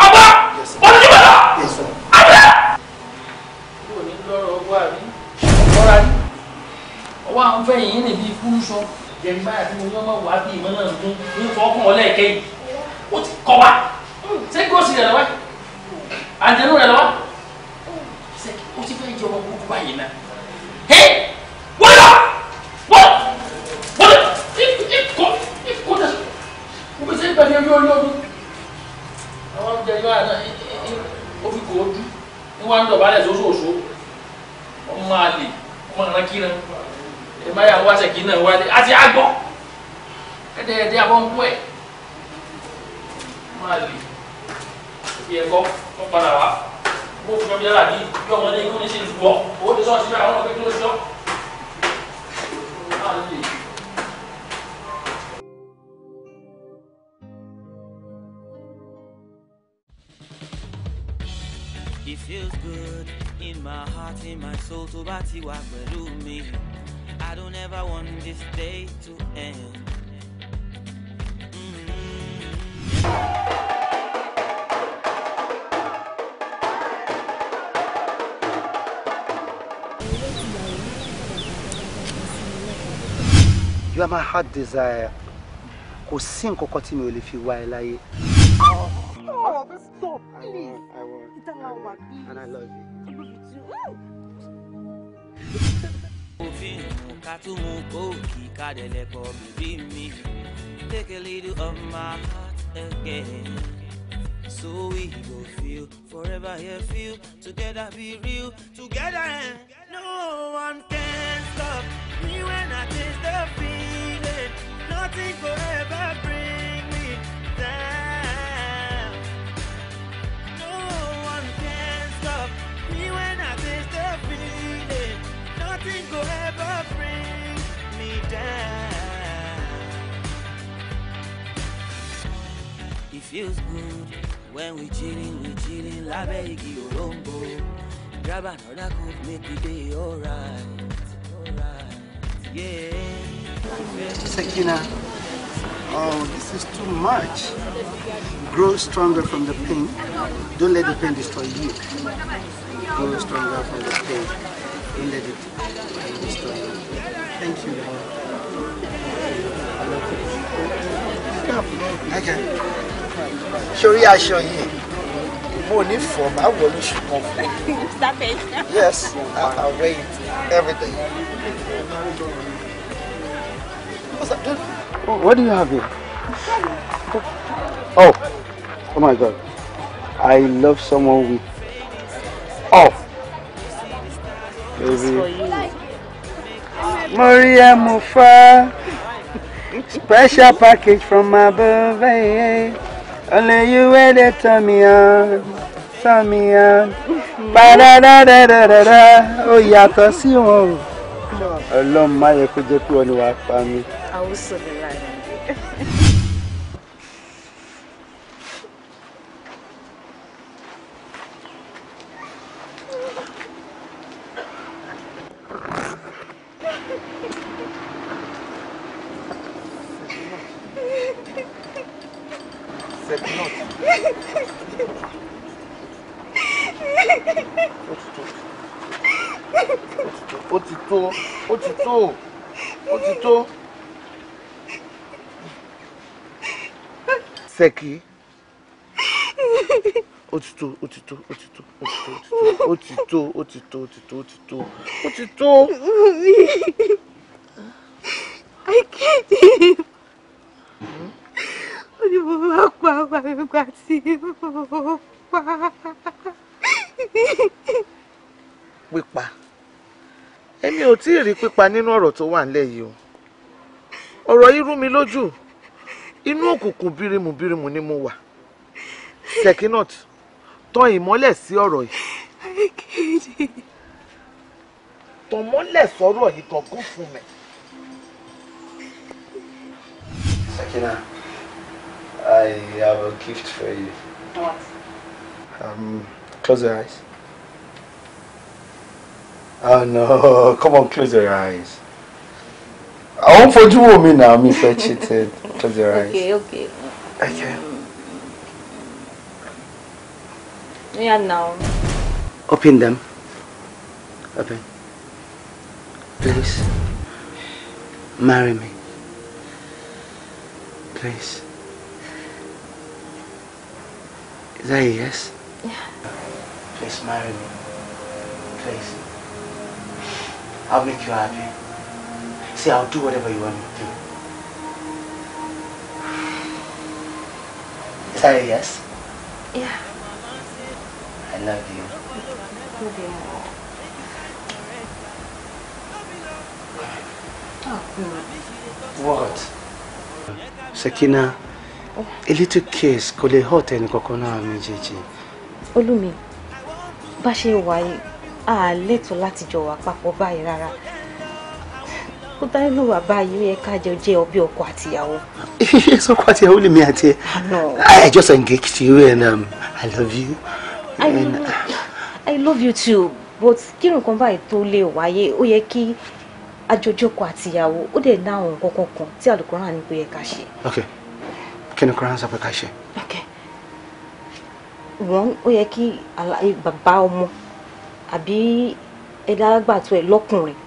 ọba olùdíwọ̀ lọ abẹ́. ọwọ́ àbí ni ọwọ́ àwọn fẹ́ yìí ní bíi fún sọ jẹ̀rìmáyà tí mo yọ́ mọ̀ wá bíi ìmọ̀ náà dún ní fọ́ọ̀kùn ọlẹ́ẹ̀kẹ́ yìí ó ti kọ́ wa ṣé kí o sì rẹ̀ wá àjẹnú rẹ̀ wá ṣé o ti fẹ́ jẹ ọmọ burúkú báyìí náà ẹ wọ́n lọ wọ́n wọ́n lọ ikọ̀ ikọ̀ dà o bẹ sẹ́ gbàgbé orí orí omi àwọn ọmọdé yọ àná o fi kò o dú ní wàá ń dọ̀bálẹ̀ sóṣooṣo ọmọ àlè ọmọ àrákìrán ẹ má yà wá ṣèkì náà wá dé àti àgbọ̀ ẹ̀dẹ̀ẹ̀dẹ̀ àbọ̀ ń kú ẹ̀ ọmọ àlè fi ẹ̀kọ́ tó padà wá bó fi ọmọ yàrá bí bí ọmọ ní ikú ní ṣe lù ọ owó ní sọ́ọ̀sì náà àwọn ọmọ kékeré sọ. It feels good in my heart, in my soul, To bá ti wà pẹ̀lú mi. I don't ever want this day to end. Mm-hmm. you are my heart desire kò sí nǹkan kan tí mi ò lè fi wá ẹ Oh, stop, please. I won't. I won't. And I love you. I love you too. Take a little of my heart again. So we go feel forever here feel together be real together no one can stop me when I taste the feel. nothing ever bring me down. No one can stop me when I taste the feeling. Nothing ever bring me down. It feels good when we chillin', we chillin', lábẹ́ igi òróǹbó. Grab another coke, make the day alright, alright, yeah. It's like, oh, this is too much. Grow stronger from the pain. Don't let the pain destroy you. Grow stronger from the pain. Don't let it destroy you. Thank you, Lord. Okay. Sori aṣọ yìí, mo ní fọ̀ máa wọ̀ lóṣù kan fún. Yes, I, I wear it every day. What do you have here? Oh, oh my God. I love someone with. Oh. Baby. Maria Mufa. Special package from my birthday. Only you wait to turn me on. Turn me on. Ba da da da da da da. Ó yàtọ̀ sí wọn o. Ọlọ́run má yẹ kó jẹ́ pé wọ́n ni wàá 都是的 ṣẹ́kì ó ti tó ó ti tó ó ti tó ó ti tó ó ti tó ó ti tó ó ti tó ó ti tó ó ti tó. I can't even. Ó ní mo máa pa àwọn àgbà tí mo pa. Pípa. Èmi ò tí ì rí pípa nínú ọ̀rọ̀ tó wà nílẹ̀ yìí o. Ọ̀rọ̀ yìí rú mi lójú inú òkùnkùn bírímù bírímù ni mo wà Sekinat tan ìmọ́lẹ̀ sí ọ̀rọ̀ yìí tan mọ́lẹ̀ sọ̀rọ̀ yìí gangan fún mi. Sakina, I have a gift for you. What? Um, close your eyes. Oh no, come on, close your eyes. àwọn fojú wò mí náà mi fẹ́ cheated close your eyes. okay okay. okay. Mm. Yeah, now. Open them. Open. Please. Marry me. Please. Is that yes? Yeah. Please marry me. Please. I'll make you happy. say I'll do whatever you want me to do. Is that a yes? Yeah. I love you. Love you. Oh, What? Mm. Sakina, oh. a little kiss kò lè hot and coconut náà méjèèjì. Olúmi, bá ṣe wà yìí, a lẹ́tọ̀ọ́ láti jọ wà papọ̀ báyìí ó dá nílò wà báyìí ó yẹ ká jẹ jẹ ọbẹ ọkọ àtìyàwó. iye sọkọ àtìyàwó lèmi àti ẹ I ah, just engaged you and um, I love you. I, and, uh, I love you too but kí nǹkan báyìí tó lè wáyé ó yẹ kí àjọjọkọ àtìyàwó ó dẹ̀ ná àwọn nǹkan kankan tí àlùkòrán ní pé yẹ ká ṣe. ok kí ni koran sọ pé ká ṣe. ok wọn ó yẹ kí bàbá ọmọ àbí ẹ̀dá àgbàtọ́ ẹ̀ lọ́kùnrin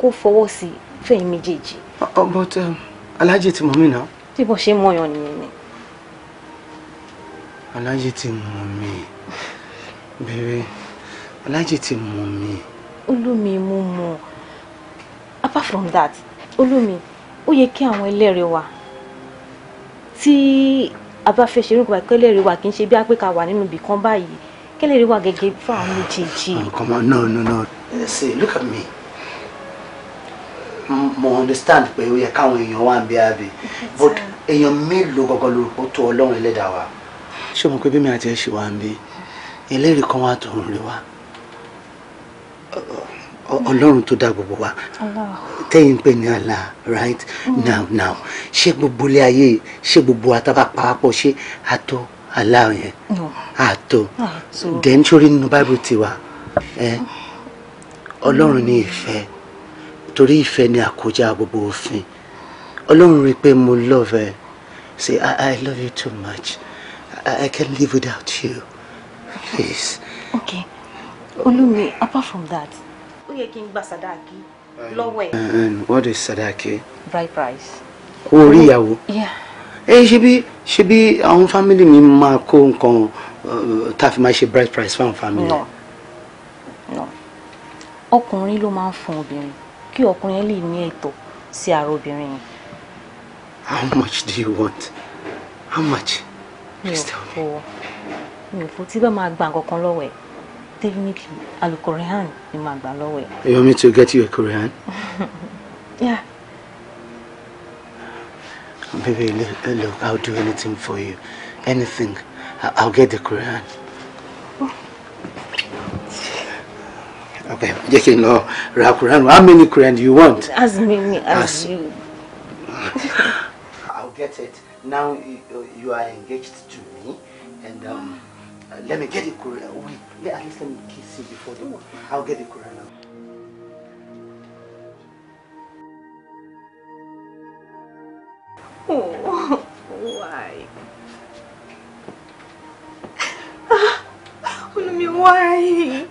kó fọwọ́ sí i fẹ̀yìn méjèèjì. Uh, uh, but um, alájẹ ti mọ̀ mí náà. bí bó ṣe mọ̀yàn nìyẹn ni. alájẹ ti mọ̀ mí bèrè alájẹ ti mọ̀ mí. olómi mo mọ̀ apart from that olómi ó yẹ kí àwọn ẹlẹ́rìí wa tí a bá fẹ́ ṣe irú ìgbà kẹlẹ́rìí wa kì í ṣe bí apẹ́ka wà nínú ibì kan báyìí kẹlẹ́rìí wa gẹ́gẹ́ fún àwọn méjèèjì. Ah, come on no no no see look at me mo understand pé ó yẹ káwọn èèyàn wà ń bí abẹ but èèyàn mélòó gọgọ lórúkọ tó ọlọ́run ẹlẹ́dàá wa. ṣé o mọ̀ pé bí mi àti ẹ ṣe wà ń bí eléyìí kan wà tó ń rí wa ọlọ́run tó dá gbogbo wa tẹ́yìn pé ní Allah right mm. now now ṣé gbogbo ilé ayé ṣé gbogbo àtàbà pàápọ̀ ṣé àtọ́ Allah yẹn àtọ́ ah, then sórí nínú báíbù tiwa eh? mm. ọlọ́run ní ìfẹ́. Mm -hmm torí ìfẹ́ ni àkójá gbogbo òfin ọlọ́run rí i pé mo love ẹ say I, I love you too much I, I can't live without you please. okay olumi apart from that ó yẹ kí n gba sadaki lọ́wọ́ ẹ̀. and uh, um, what is sadaki. bride price. owó orí ìyàwó. ẹ eh, ṣebí ṣebí àwọn fámìlì mi máa kó nǹkan uh, tá a fi máa ṣe bride price fáwọn fámìlì. no no ọkùnrin ló máa ń fún obìnrin kí ọkùnrin lè ní ẹ̀tọ́ sí ara obìnrin yẹn. how much do you want how much please tell me. mi ò fò tí bá máa gba nǹkan lọ́wọ́ ẹ̀ definitely alukorean ni màá gbà lọ́wọ́ ẹ̀. you want me to get you a korean. yeah. baby look, look I'll do anything for you anything I'll get the korean. Okay, jẹ́ No, n lọ How many Quran do you want? As many as, as... you. I'll get it. Now you are engaged to me and um, let me get the Quran. Oh, wait, at least let me kiss you before the I'll get the Quran now. Oh, why? Ah, Olumi, why?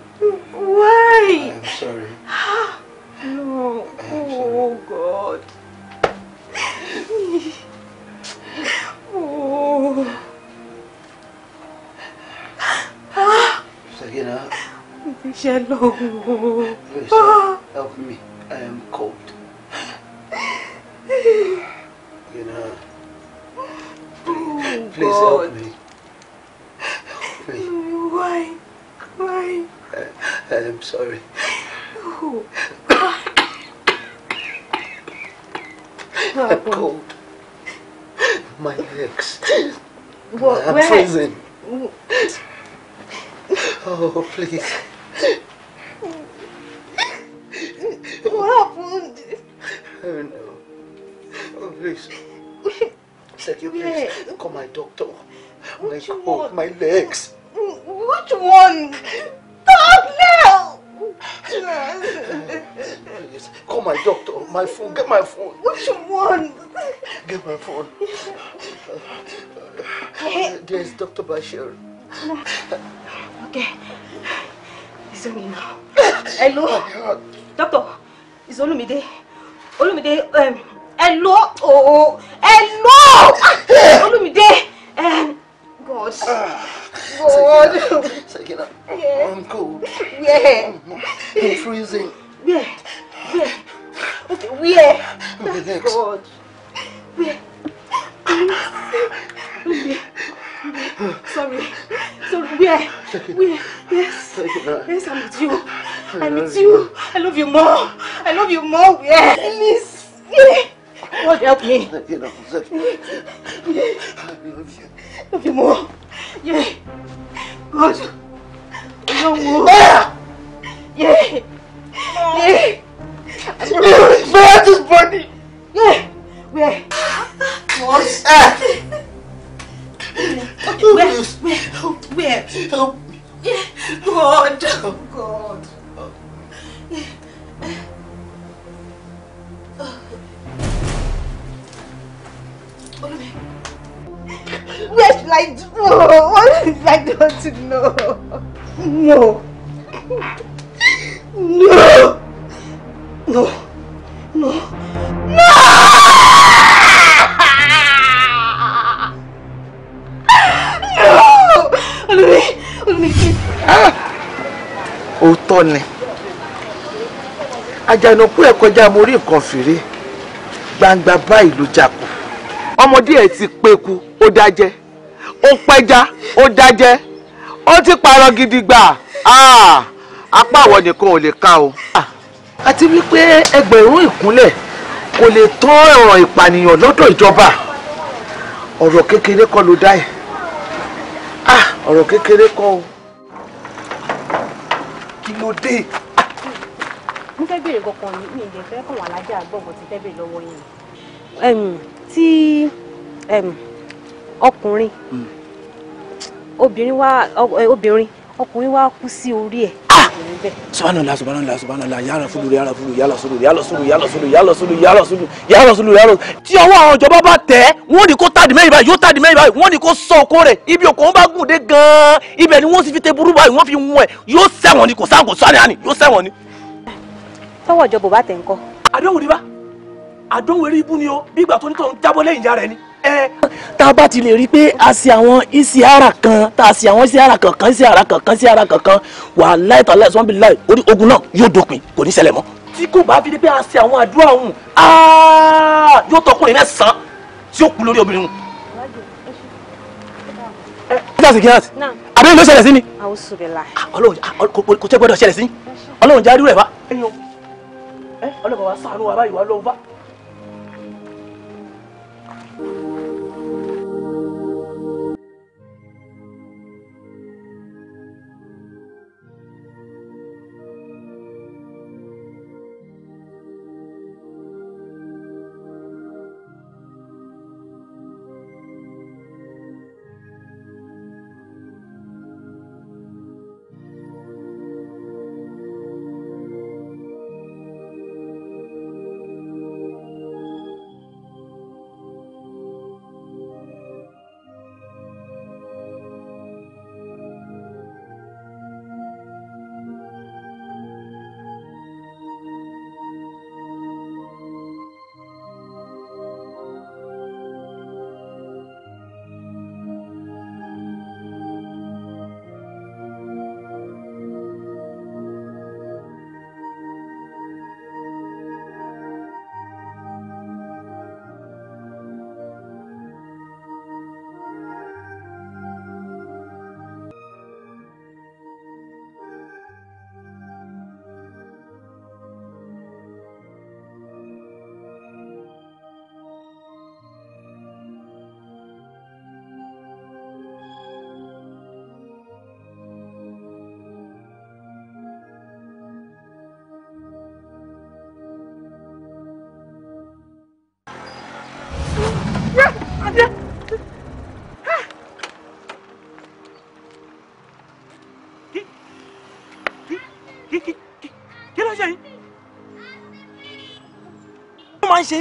Why? I'm sorry. Ah, no. I'm oh, sorry. God. oh. Sagina. Shalom. Please help me. I am cold. You know. Please, oh, please help me. am sorry. Oh. I'm cold. My legs. What, I'm where? frozen. Oh, please. What happened? I don't know. Oh, please. Said you please call my doctor. Which my, oh, my legs. Which one? my doctor. My phone. Get my phone. What you want? Get my phone. there is Dr. Bashir. Okay. It's only now. Hello. Oh, doctor, it's Olumide. Olumide, um, hello. Oh, oh. hello. Ah. Olumide. Um, God. Ah. God. Take it up. I'm cold. Yeah. I'm freezing. Yeah. Yeah. Okay, where? my God. Where? Please. Sorry. Sorry, where? Where? Yes. Yes, I'm with you. I'm with you. I love you more. I love you more. Where? Please. Where? God help me. I love you. Love you more. Yeah. God. No more. Ah! Yeah. Yeah. Ah! Ferreira's body! Where? Where? What? Ah. Okay, where? Where? Where? Help me. God. Oh, God. Oh. Where should I do? What did I don't know? No. No. No. No. No! No! Olúmi, Ah! ni. Àjànàkú ẹ̀ kọjá mo rí nǹkan fèrè. Gbangba báyìí ló jakú. peku, ó dájẹ́. Ó pẹja, ó dájẹ́. ti parọ́ gidi gbà. Ah! Apá àwọn nìkan o. Ah! àti wípé ẹgbẹ̀rún ìkúnlẹ̀ kò lè tó ọ̀ràn ìpànìyàn lọ́dọ̀ ìjọba ọ̀rọ̀ kékeré kọ́ ló dá ẹ̀ ah ọ̀rọ̀ kékeré kọ́ o kí ló dé. mo fẹ́ béèrè kankan ní mi ìdè fẹ́ kàn wá lájà gbọ̀ngàn ti fẹ́ béèrè lọ́wọ́ yẹn. tí ọkùnrin hmm. obìnrin wa obìnrin ọkùnrin wa kú sí orí ẹ̀ subhanallah subhanallah subhanallah ya rasulu ya rasulu ya rasulu ya rasulu ya rasulu ya rasulu ya rasulu ya rasulu ya rasulu tí ọwọ́ àwọn ìjọba bá tẹ̀ wọ́n ní kó tàdí mẹ́rin báyìí yóò tàdí mẹ́rin báyìí wọ́n ní kó sọ òkó rẹ̀ ibi òkò wọn bá gùn dé gan-an ibẹ̀ ni wọ́n sì fi tẹ burú báyìí wọ́n fi wọ́n ẹ̀ yóò ṣẹ̀wọ̀n ni kò sáà kò sáré àní yóò ṣẹ̀wọ̀n ni. tọwọ́ ìjọba bá tẹ̀ ń àdéhùn rí bá àdéhùn eré ibú ni o bí ìgbà tó ní tó jábọ́ lẹ́yìn ìyá rẹ̀ ni ẹ bá ti lè rí i pé a ṣe àwọn isi ara kan tá a ṣe àwọn isi ara kankan isi ara kankan isi ara kankan wà láìta láìsọ bí láì orí ogun náà yóò dópin kò ní ṣẹlẹ̀ mọ́. tí kò bá fi di pé a ṣe àwọn àdúrà ọ̀hún yóò tọkùnrin náà sàn tí ó kú lórí obìnrin ọ̀hún. ẹ kíláàsì àbẹ́rẹ́ ló ṣẹlẹ̀ sí mi. Ah, ah, ọlọ́run kò tẹ́ gbọ́dọ̀ ṣẹlẹ̀ sí ọlọ́run jáde rẹ̀ wá. ọlọ́run wa sàánú wa báyìí wa lọ́wọ́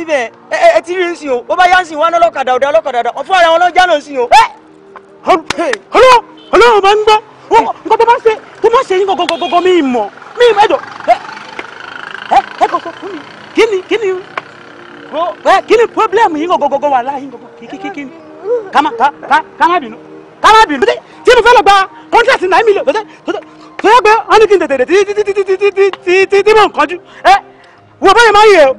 síbẹ̀ ẹ ti rí nsìn o bó bá yá nsìn wọn lọ́kadà ọ̀dà ọlọ́kadà ọ̀dà fún ara wọn lọ́jà náà nsìn o. ọlọ́ ọlọ́ ọba ń gbọ́ nǹkan tó bá ń ṣe tó bá ń ṣe yín gọ́gọ́gọ́gọ́ mi mọ̀ mi mọ̀ ẹ̀dọ̀ ẹ ẹ kò sọ fún mi kí ni kí ni kí ni pọ́blẹ́mù yín gọ́gọ́gọ́gọ́ wà láàyè kíkíkíkí kama kama bínú kama bínú tí mo fẹ́ lọ gba kọ́ńtàtì náà mi tó tẹ́ pé wọ́n kí n tètè dè tí tí tí tí tí tí tí tí tí mò ń kánjú ẹ wò báyìí máa ń yẹ o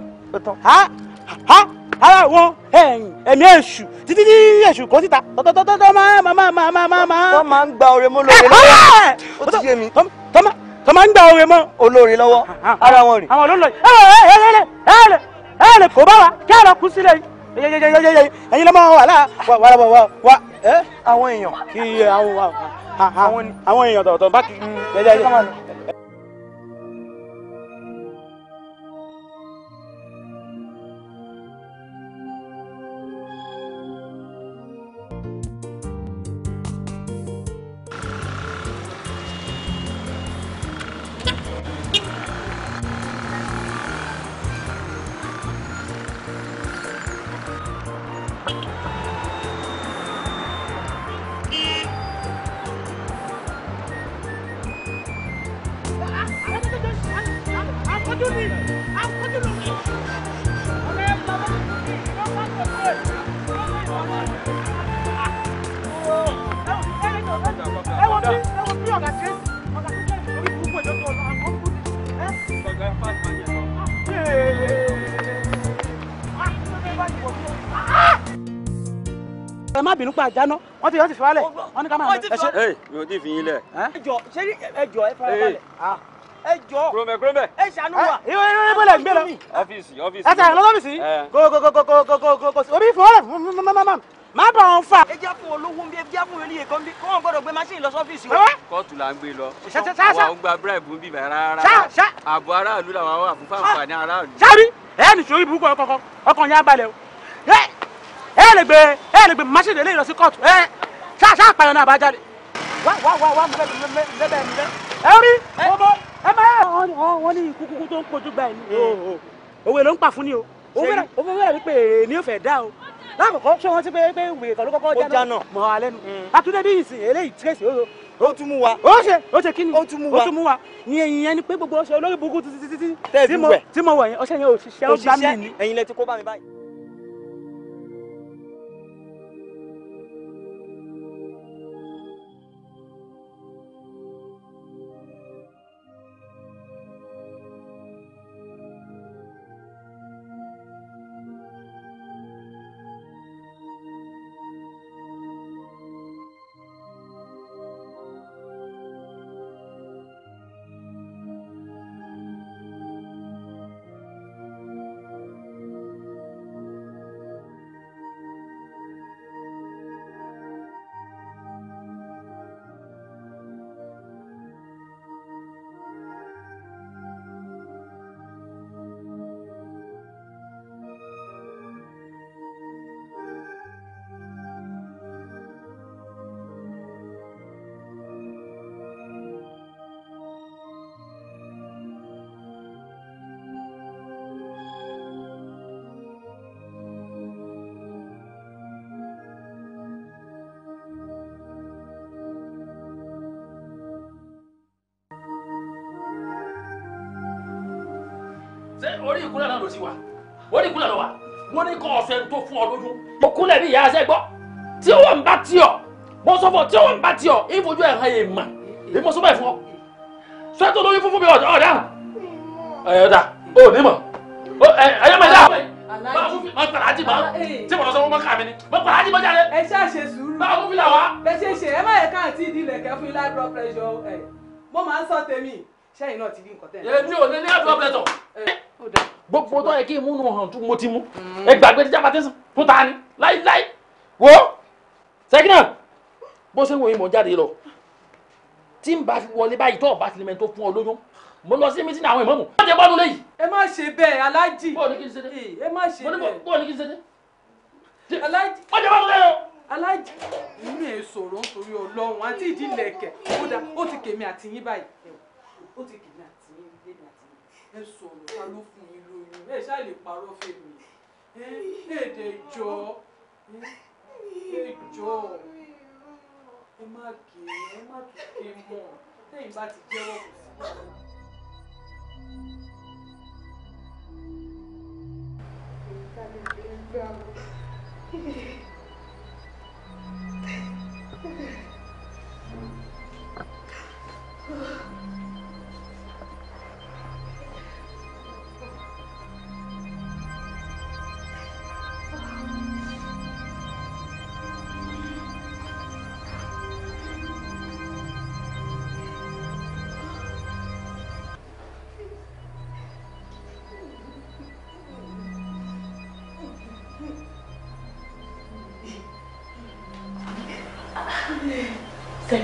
ẹ̀mí èṣù títí tí èṣù kò síta tọ́tọ́tọ́tọ́ máa máa máa máa máa máa. wọ́n máa ń gba ọ̀rẹ́ mọ́ lóore lọ́wọ́ ó ti yé mi. tọ́ máa ń gba ọ̀rẹ́ mọ́. olóore lọ́wọ́ ara wọn rè. àwọn olóòlò ẹ ẹ ẹ ẹ ẹ ẹ ẹ kò bá wa kí àrà kú sílẹ̀ yìí ẹ̀yin lọ́mọ wàhálà wàhálà wàhálà wa. àwọn èèyàn. kí àwọn àwọn èèyàn tọ̀tọ̀ bá kì í. bínú pa àjáná wọ́n ti yọ ti fi wálẹ̀ wọ́n ní ká máa lọ. ẹ ṣe ee mi ò tí ì fi yín lẹ̀. ẹ jọ ṣé ẹ jọ ẹ fara balẹ̀ ah. ẹ jọ kúròmẹ kúròmẹ ẹ ṣàánú wa. ìwé ìwé ìwé bọ́lẹ̀ gbé lọ. ọ́fíìsì ọ́fíìsì. ẹ tẹ̀ lọ sọ́fíìsì. kòkòkòkòkòkòkò omi ìfowórẹ̀ mọ́mọ́mọ́mọ́ má bọ̀ ọ́n fà. ẹ jẹ́ fún olówó ń bí ẹ jẹ́ fún olóyè kan bí kọ́ wọn gbọ́dọ̀ gbé machine lọ sọ́fíìsì o. kóòtù là ń gbé lọ wọn ò gba bribe ń bíbẹ̀ rárá àbọ̀ aráàlú làwọn wà fún fáǹfààní aráàlú. sábì ẹ nìṣó ibùkún ọkọ ọkàn yẹn abalẹ o ẹ lè gbé ẹ lè gbé machine lè lọ sí kóòtù ẹ ṣáà ṣáà pààyàn náà àbájáde. wá wá wá wá mo bẹ lẹbẹ mi lẹ. ẹ rí mo bọ ẹ má yẹ. wọ́n ní kúkúkú tó ń kojú gba ẹ̀mí. òwe ló ń pa fún ni o òwe wẹ̀rẹ̀ wípé èrè ni yóò fẹ́ dá o lákòókò ṣé wọ́n ti pé pé ìwé kan ló kọ́kọ́ jáná mọ́ wa lẹ́nu àtúndé bí ìsìn eléyìí tírèsì ó ó tún mú wa. ó ṣe ó ṣe kí ni ó tún mú wa ó tún mú wa ìyẹn ìyẹn ni pé gbogbo ọṣẹ olórí burúkú títí títí tí mo wọ̀ yẹn ọṣẹ yẹn òṣìṣẹ́ ó gbá mi ni. òṣìṣẹ́ ẹ̀yin lẹ ti kó bá mi báyìí. orí ìkúnlẹ̀ náà ló sì wà orí ìkúnlẹ̀ ló wà wọ́n ní kọ́ ọ̀sẹ̀ tó fún ọ lójú. mo kúnlẹ̀ bí ìyá ẹsẹ̀ gbọ́ tí wọ́n ń bá tí ọ mo sọ fún ọ tí wọ́n ń bá tí ọ ìfojú ẹ̀ hàn yìí mà èyí mo sọ bẹ́ẹ̀ fún ọ. sọ́yẹ́tò lórí fúnfún mi ọ̀dà ọ̀dà ọ̀dà ò ní mọ̀ ẹ̀yẹ́ mọ̀ ẹ̀dá mọ paraji mọ tí mo lọ sọ wọn mọ ká mi ni mọ paraji mọ jáde. ẹ ṣáà ṣe sùúrù bá wọn fi là wá. bẹ ṣe ṣe ẹ má yẹ káàntì ìdílẹ̀kẹ́ fún ilé high blood pressure ẹ mo máa ń sọ tèmi ṣẹ́yìn náà ti rí nǹkan tẹ̀. èmi ò ní ní high blood pressure gbogbo tó yẹ kí n mú nù hàn tún mo ti mú mm. ẹ gbàgbé tí jábàtí sàn fún ta ni láíláí wo sẹ́kì náà bó ṣe ń wòye mọ̀ jáde lọ tí n bá fi wọlé báyìí tó ọba tìlẹ̀mẹ̀ tó fún ọ lóyún mo lọ sí mítínì àwọn ìmọ̀mù. má jẹ bọ́ọ̀lù léyìí. ẹ má ṣe bẹ́ẹ̀ aláàjì. bọ́ọ̀lù kì í ṣe dé. ẹ má ṣe bẹ́ẹ̀. bọ́ọ̀lù kì í ṣe dé. aláàjì. má jẹ bọ́ọ̀lù léyìí alájì inú ẹ sọ̀rọ̀ nítorí ọlọ́run àti ìdílé kódà ó ti kèmí àti báyìí ó ti kèmí àti yín báyìí ẹ sọ̀rọ̀ ta ló fún yín ẹ ṣáà lè parọ́ fèmí èdè ìjọ ìjọ ẹ má kì í ẹ má kì í mọ̀ tẹ́yìn bá ti jẹ́wọ́ kò sí Thank you.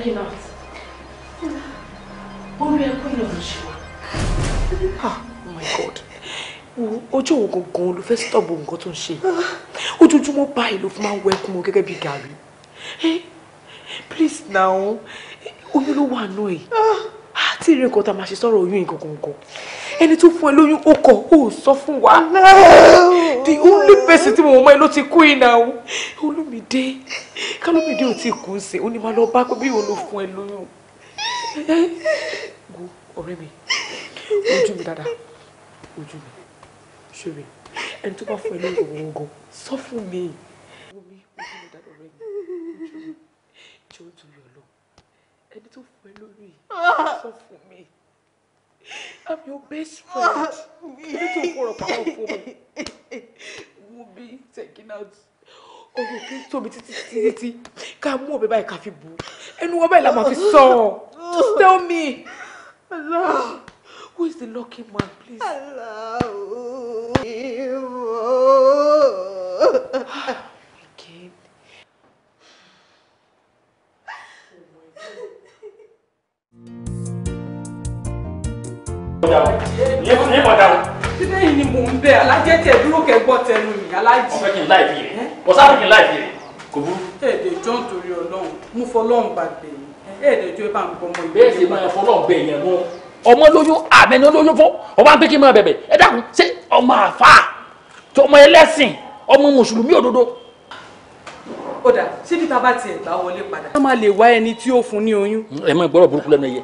fẹ́lẹ́ náà orí ẹkún yìí ló ṣe wá. oh my god ojú òun gangan ló fẹ́ stop nǹkan tó ń ṣe ojoojúmọ́ báyìí ló fi máa ń wọ ẹkún mu please now oyún ló wà náà yìí àti ìrẹ́kọ̀ọ́ tá a máa ṣe sọ̀rọ̀ oyún yìí gangan ẹni tó fún ẹ lóyún ó kọ̀ ó sọ fún wa the only person tí mo mọ ẹ ló ti kú iná o olùmídé kálùmídé ò tí kú ń sè ó ní máa lọ bá pé bí òun ló fún ẹ lóyún wo ọ̀rẹ́ mi ojú mi dáadáa ojú mi ṣòwe ẹni tó bá fún ẹ lóyún òun gan sọ fún mi omi ojú mi dáadáa ọ̀rẹ́ mi mi jẹ́ òtún yọ̀ lọ ẹni tó fún ẹ lóyún sọ fún mi. I'm your best friend. Little for a powerful woman. We'll be taking out. Oh, kí n tóbi títí títí títí ká mú ọ̀bẹ by a coffee bù And Ẹnu wọn báyìí la máa fi Just tell me. Allah. Who is the lucky man, please? Allah. yé mọ̀ dáhùn. síbẹ̀ yìí ni mò ń bẹ alájẹ́ tẹ̀ dúró kẹ́gbọ́ tẹnu mi alájí. ọ̀sẹ̀ kì í láì fi rè ọ̀sẹ̀ kì í láì fi rè kò burú. ẹ̀ẹ́dẹ̀ jọ́ nítorí ọlọ́run mú fọlọ́run gbàgbé ẹ̀ẹ́dẹ̀ jọ́ ẹ bá ń gbọ́ ọmọ ìgbà. bẹ́ẹ̀ sì máa fọlọ́run bẹ̀ yẹn mọ́. ọmọ lóyún àmẹ́ni olóyún fún ọba pé kí n máa bẹ̀bẹ̀ ẹ dákun ṣé ọmọ àfa ọmọ ẹlẹ́sìn ọmọ mùsùlùmí òdodo ó dà síbi tá a bá tiẹ̀ gbà wọlé padà. ká máa lè wá ẹni tí ó fún ní oyún. ẹ máa gbọ́rọ̀ burúkú lẹ́nu ẹyẹ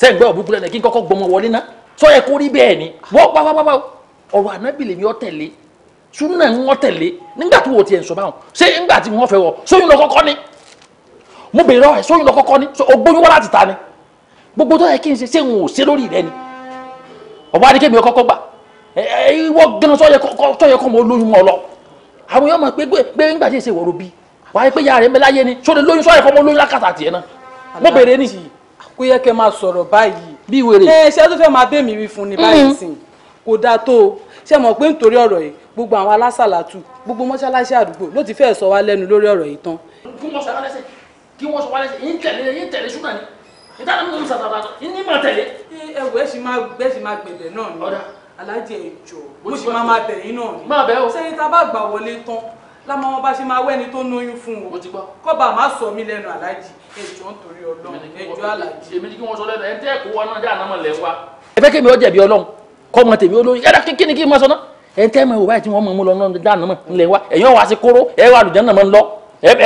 sẹ́yìn gbọ́rọ̀ burúkú lẹ́nu ẹyẹ kí n kọ́kọ́ gbọmọ wọlé náà sọ yẹ kó rí bẹ́ẹ̀ ni wọ́n pa ọ̀rọ̀ ànábì lèmi ọ́ súnà ń wọ́n tẹ̀lé nígbà tó wò tiẹ̀ ń sọ báwọn ṣé nígbà tí wọ́n fẹ́ wọ sóyún lọ kọ́kọ́ ni mo bèrè ọ̀rẹ́ sóyún lọ kọ́kọ́ ni ogbóyún láti ta ni gbogbo tó yẹ kí n ṣe ṣé n ò ṣe lórí rẹ ni adékèmí gbà sọ yẹ kọ́ bí wèrè. ẹ ṣé tó fẹ́ máa bẹ́ẹ̀ mi wí fún ni báyìí mm-hmm. sìn kò dáa tó o ṣé mọ̀ pé nítorí ọ̀rọ̀ yìí gbogbo àwọn alásàlátù gbogbo mọ́ṣáláṣí àdúgbò ló ti fẹ́ sọ wá lẹ́nu lórí ọ̀rọ̀ yìí tán. kí wọ́n sọ wá lẹ́sẹ̀ yín tẹ̀lé yín tẹ̀lé ṣúgbà ni ìtàn nínú mi sàtàtà yín ní mà tẹ̀lé. ẹwọ ẹ máa bẹ́ẹ̀ ṣì máa gbẹ̀bẹ̀ náà ni alájẹ ìjọ mo ṣì máa máa bẹ̀ yín náà ni. máa bẹ̀ o. sẹ́yìn tá bá gbà wọlé tán La wọn bá ṣe máa wẹ́ni tó lóyún fún o kọ́ba má sọ mí lẹ́nu aláàjì ẹjọ́ nítorí ọlọ́run ẹjọ́ aláàjì. èmi ni kí wọ́n sọ lẹ́nu ẹ̀ ń tẹ́ ẹ̀kọ́ wọn náà jáà náà lẹ̀ wá. ẹ fẹ́ kémi ó jẹ̀bi ọlọ́run kọ́ mọ tèmi olórí yàrá kí ni kí n máa sọ náà ẹ̀ ń tẹ́ mọ̀ ìwà tí wọ́n mọ̀ mú lọ náà jáà náà lẹ̀ wá ẹ̀yọ́ wa sí kóró ẹ̀ wà lùjẹ́ náà mọ̀ ń lọ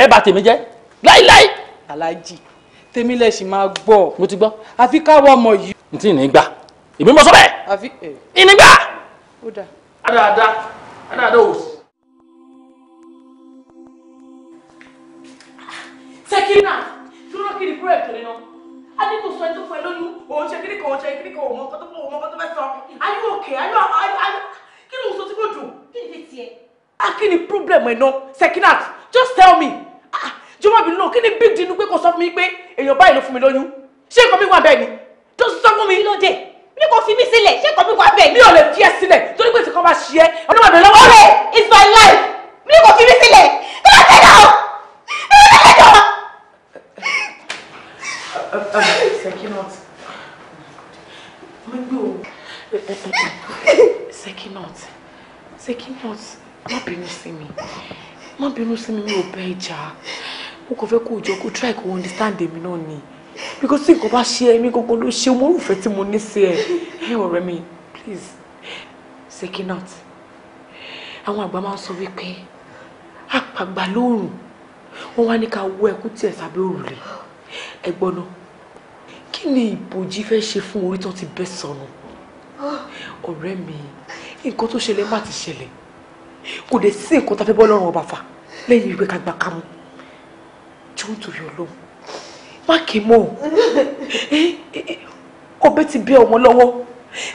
ẹ̀ bà tèmi jẹ́ láíláí. aláàjì tèmi lẹ sì máa gbọ́. mo ti gbọ́. àfi káwọ ọmọ yìí. n tí ní gbà èmi mọ sọ bẹ́ẹ̀. àfi. ìnígbà. ó dà. adáadáa adáadáa òsì Sekinat dúró kiri kúrò ètò nínú a ní kò sọ ẹni tó fún ẹ lóyún òun ṣe oh, kan òun ṣe kíní kan òun ọkọ tó fún òun ọkọ tó fẹ́ sọ ayé òkè ayé ayé kí ló ń sọ tí kò dùn kí ni tiẹ̀. a kí ni problem ẹ̀ náà Sekinat just tell me ah, jọ̀wọ́ mi lò kí ni big deal pé kò sọ fún mi pé èèyàn báyìí ló fún mi lóyún ṣé nǹkan mi wà bẹ́ẹ̀ ni tó sọ fún mi. kí ló dé mi kò fi mí sílẹ̀ ṣé nǹkan mi wà bẹ́ẹ̀ mi ò lè fi ẹ sílẹ̀ torí pé tí kan bá ṣe ẹ ọdún màbẹ̀ lọ́wọ́ rẹ̀ it's my life mi kò fi mí sílẹ̀. Sekinot. Mo gbé o. Sekinot. Sekinot. Má bínú sí mi. Má bínú sí mi mi ò bẹ́ ìjà. Mo kàn fẹ́ kó o jọ kó try to understand èmi náà ni. Because tí nǹkan bá ṣe ẹ mi gbogbo ló ṣe mo rúfẹ́ tí mo ní sí ẹ. Ẹ ọ̀rẹ́ mi please. to Àwọn àgbà máa ń sọ wípé àpàgbà lóòrùn wọ́n wá ní ká wọ ẹkú tí ẹ̀ sábẹ́ òrùlé ẹ̀gbọ́n náà kí ni ìbòjì fẹ́ ṣe fún orí tó ti bẹ́ sọnù ọ̀rẹ́ mi nǹkan tó ṣẹlẹ̀ má ti ṣẹlẹ̀ kò dẹ̀ sí nǹkan tá a fẹ́ bọ́ lọ́rùn ọba fà lẹ́yìn ìwé kagbà kámú jọ ń torí ọlọ́run má kì í mọ̀ ọbẹ̀ ti bẹ́ ọmọ lọ́wọ́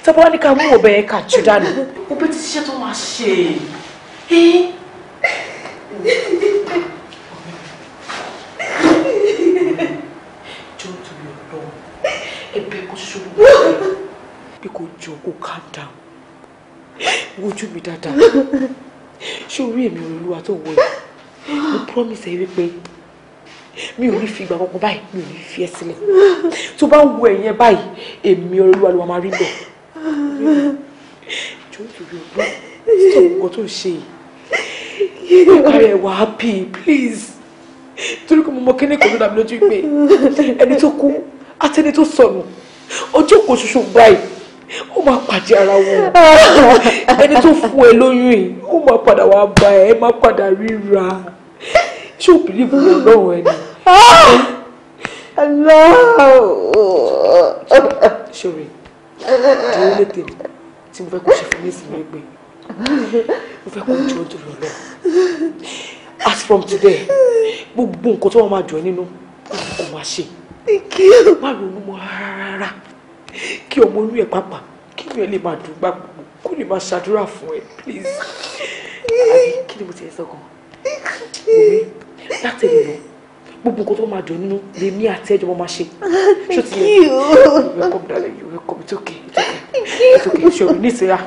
tábà wá ní ká mú ọbẹ̀ yẹn kà jù dànù ọbẹ̀ ti ṣiṣẹ́ tó máa ṣe bí kò jọ kó calm down wojú mi dáadáa ṣé orí èmi olúwa tó wọ ẹ mo promise ẹ wípé mi ò ní fi ìgbà kankan báyìí mi ò ní fi ẹ sílẹ̀ tó bá ń wo ẹyẹ báyìí èmi olúwa ló wà máa rí bẹ jọ nítorí ọgbọ́n sọ nǹkan tó ń ṣe yìí ọkọ rẹ please torí kò mọ mọ kíní kan tó dàbí lójú pé ẹni tó kú àtẹni tó sọnù ọjọ́ kan ṣoṣo báyìí ó máa pàdé ara wọn ẹni tó fún ẹ lóyún yìí ó máa padà wá bá ẹ ẹ máa padà ríra ṣé ò bìlífù lọ lọ́rùn ẹni. ṣòro ìdíwọ́ lè tèmi tí mo fẹ́ kó ṣe fún mi sí lẹ́gbẹ̀ẹ́ mo fẹ́ kó jọ ọjọ́ lọ as from today gbogbo nǹkan tó wọ́n máa jọ ẹ nínú kò máa ṣe kí ẹ má ronú mọ́ rárá kí ọmọ inú ẹ pàpà kí inú ẹ lè máa dùn gbàgbọ́ kó lè máa ṣàdúrà fún ẹ please àbí kí ni mo ti ẹ sọ gan láti ẹ lọ gbogbo nǹkan tó máa dùn nínú lèmi àti ẹjọ mo máa ṣe ṣó ti yẹ you welcome darling you welcome it's okay it's okay ṣe òun ní ìsira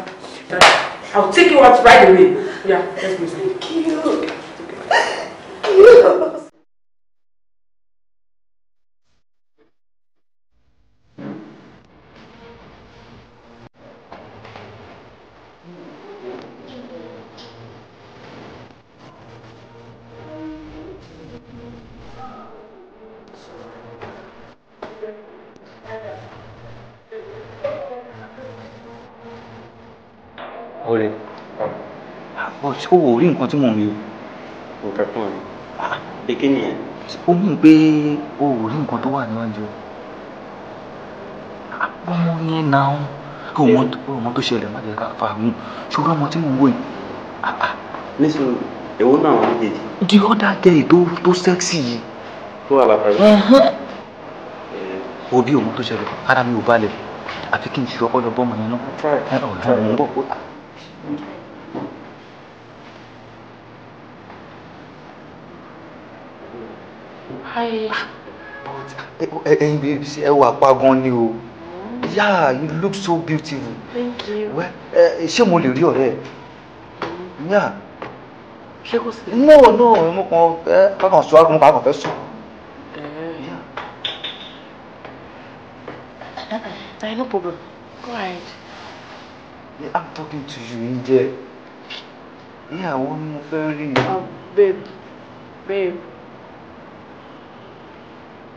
I will take you out right away yeah let's go. Thank you. tí o rí nǹkan tí mò ń rí o. nǹkan kan ni. èké ah. nìyẹn. ó mú pé o ò rí nǹkan tó wà níwájú ah, o. àpọ́nmọ́ yẹn náà ọmọ tó ṣẹlẹ̀ má jẹ́ ká fàágùn ṣùgbọ́n ọmọ tí mò ń wò yìí. Ah, nísìnyí èwo náà wọ́n méjèèjì. the other girl tó tó sexy yìí. tó wà lápẹ̀rẹ̀. òbí eh. ọmọ tó ṣẹlẹ̀ ara mi ò balẹ̀ àfi kí n ṣe ọpọlọ bọ́ọ̀mù yẹn náà. ọ̀la mò ń bọ̀. ẹyin babe ẹ wà pa gan ni o yeah you look so beautiful thank you well ṣé mo lè rí ọ̀rẹ́ ẹ yeah ṣé kò sí. no no mo kàn ẹ kákan sọ àgùn kákan fẹ́ sùn. Eh. ẹ no problem go ahead. Yeah, I'm talking to you Ǹjẹ́ yeah àwọn mo fẹ́ rí. Oh, babe babe.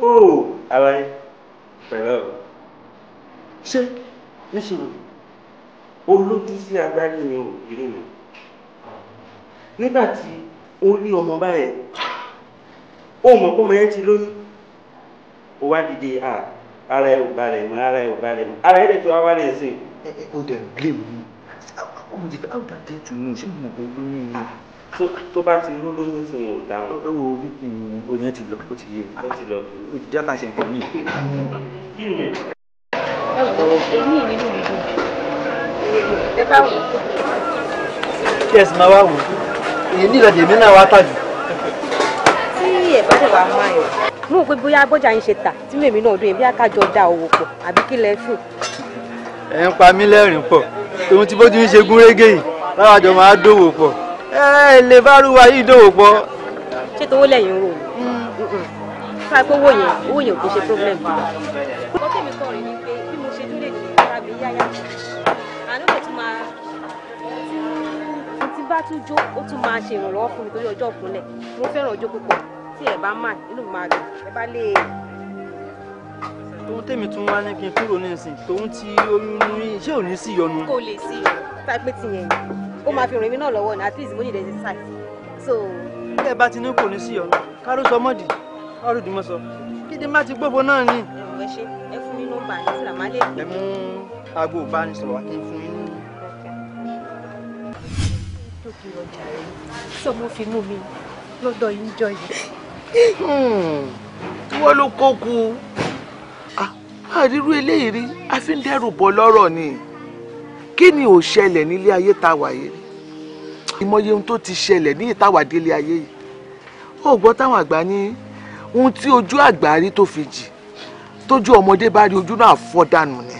oh ara yín pẹ̀lẹ́ o ṣé níṣẹ́ olójú sí agbárí mi ò rí mi nígbà tí ó rí ọmọ báyẹn ó mọ̀ pé ọmọ yẹn ti lóyún ó wá dìde ah, ara ẹ̀ ò balẹ̀ mọ́ ara ẹ̀ ò balẹ̀ mọ́ ara ẹ̀ dẹ̀ tó wá wálẹ̀ sí i. ó dẹ̀ blame mi àwọn ọmọ jẹ̀bi àwọn dàdé tù mí ṣé mo kò lóyún ni. tó bá ti rú lóyún sí yóò dáhùn. ẹ wo oyin ti lọ ó ti yé ó ti lọ ó ti dáta ṣe nǹkan yìí. kí ẹ sì máa wá wò èyí nílò tèmi náà wá tàjù. tí ẹ bá dẹ̀ wá máa yọ. mo rò pé bóyá bọ́jà yín ṣe tà tí mèmi náà dún yẹn bí a ká da òwò pọ̀ àbí kí lẹ fò. ẹ ń pa mí lẹ́rìn-ín pọ̀ tòun ti bójú ń ṣe gúnrégé yìí láwọn àjọ máa dòwò pọ̀ ẹ lè bá rúwa yìí dòwò pọ̀. ṣé tówó lẹ́yìn wò ká pé owó yẹn owó yẹn ò kì í ṣe problem. ọkọ tèmi kọ rẹ ni pé bí mo ṣe dúlé kí ara mi yáyà àánú kò tún máa tí bá tún jó ó tún máa ṣèrànlọ́wọ́ fún mi torí ọjọ́ òkúnlẹ̀ mo fẹ́ràn ọjọ́ púpọ̀ tí ẹ bá má inú máa ẹ bá lè tòun tèmi tún wá ní kí n kúrò nísìn tòun ti oyún ní iṣẹ́ òní sí yọnu. kò lè sí tàgbé ti yẹn ó máa fi ràn náà lọ́wọ́ ní at least mo ní ìdẹ́sẹ̀ sáì so. bẹ́ẹ̀ bá ti ní kò ní sí yọnu káró sọ mọ́dì káró dì mọ́ sọ kíndín má ti gbóbo náà ni. ẹ ṣe ẹ fún mi nọ́mbà yẹn tí làmá lè. ẹ mú aago ìbánisọ̀rọ̀ wá kí n fún yín ní. dókè ọjà rẹ mi lọ́dọ̀ yín jọ yìí. Hmm, wọ́n ló kó kú àrírú eléyìí rí a fi ń dẹ́rù bọ́ lọ́rọ̀ ni kí ni ò ṣẹlẹ̀ nílé ayé tá a wà yìí ìmọye ohun tó ti ṣẹlẹ̀ ní ìtawàdé ilé ayé yìí ó gbọ́ táwọn àgbà ní ohun tí ojú àgbà rí tó fi jì tójú ọmọdé bá rí ojú náà fọ́ dànù ni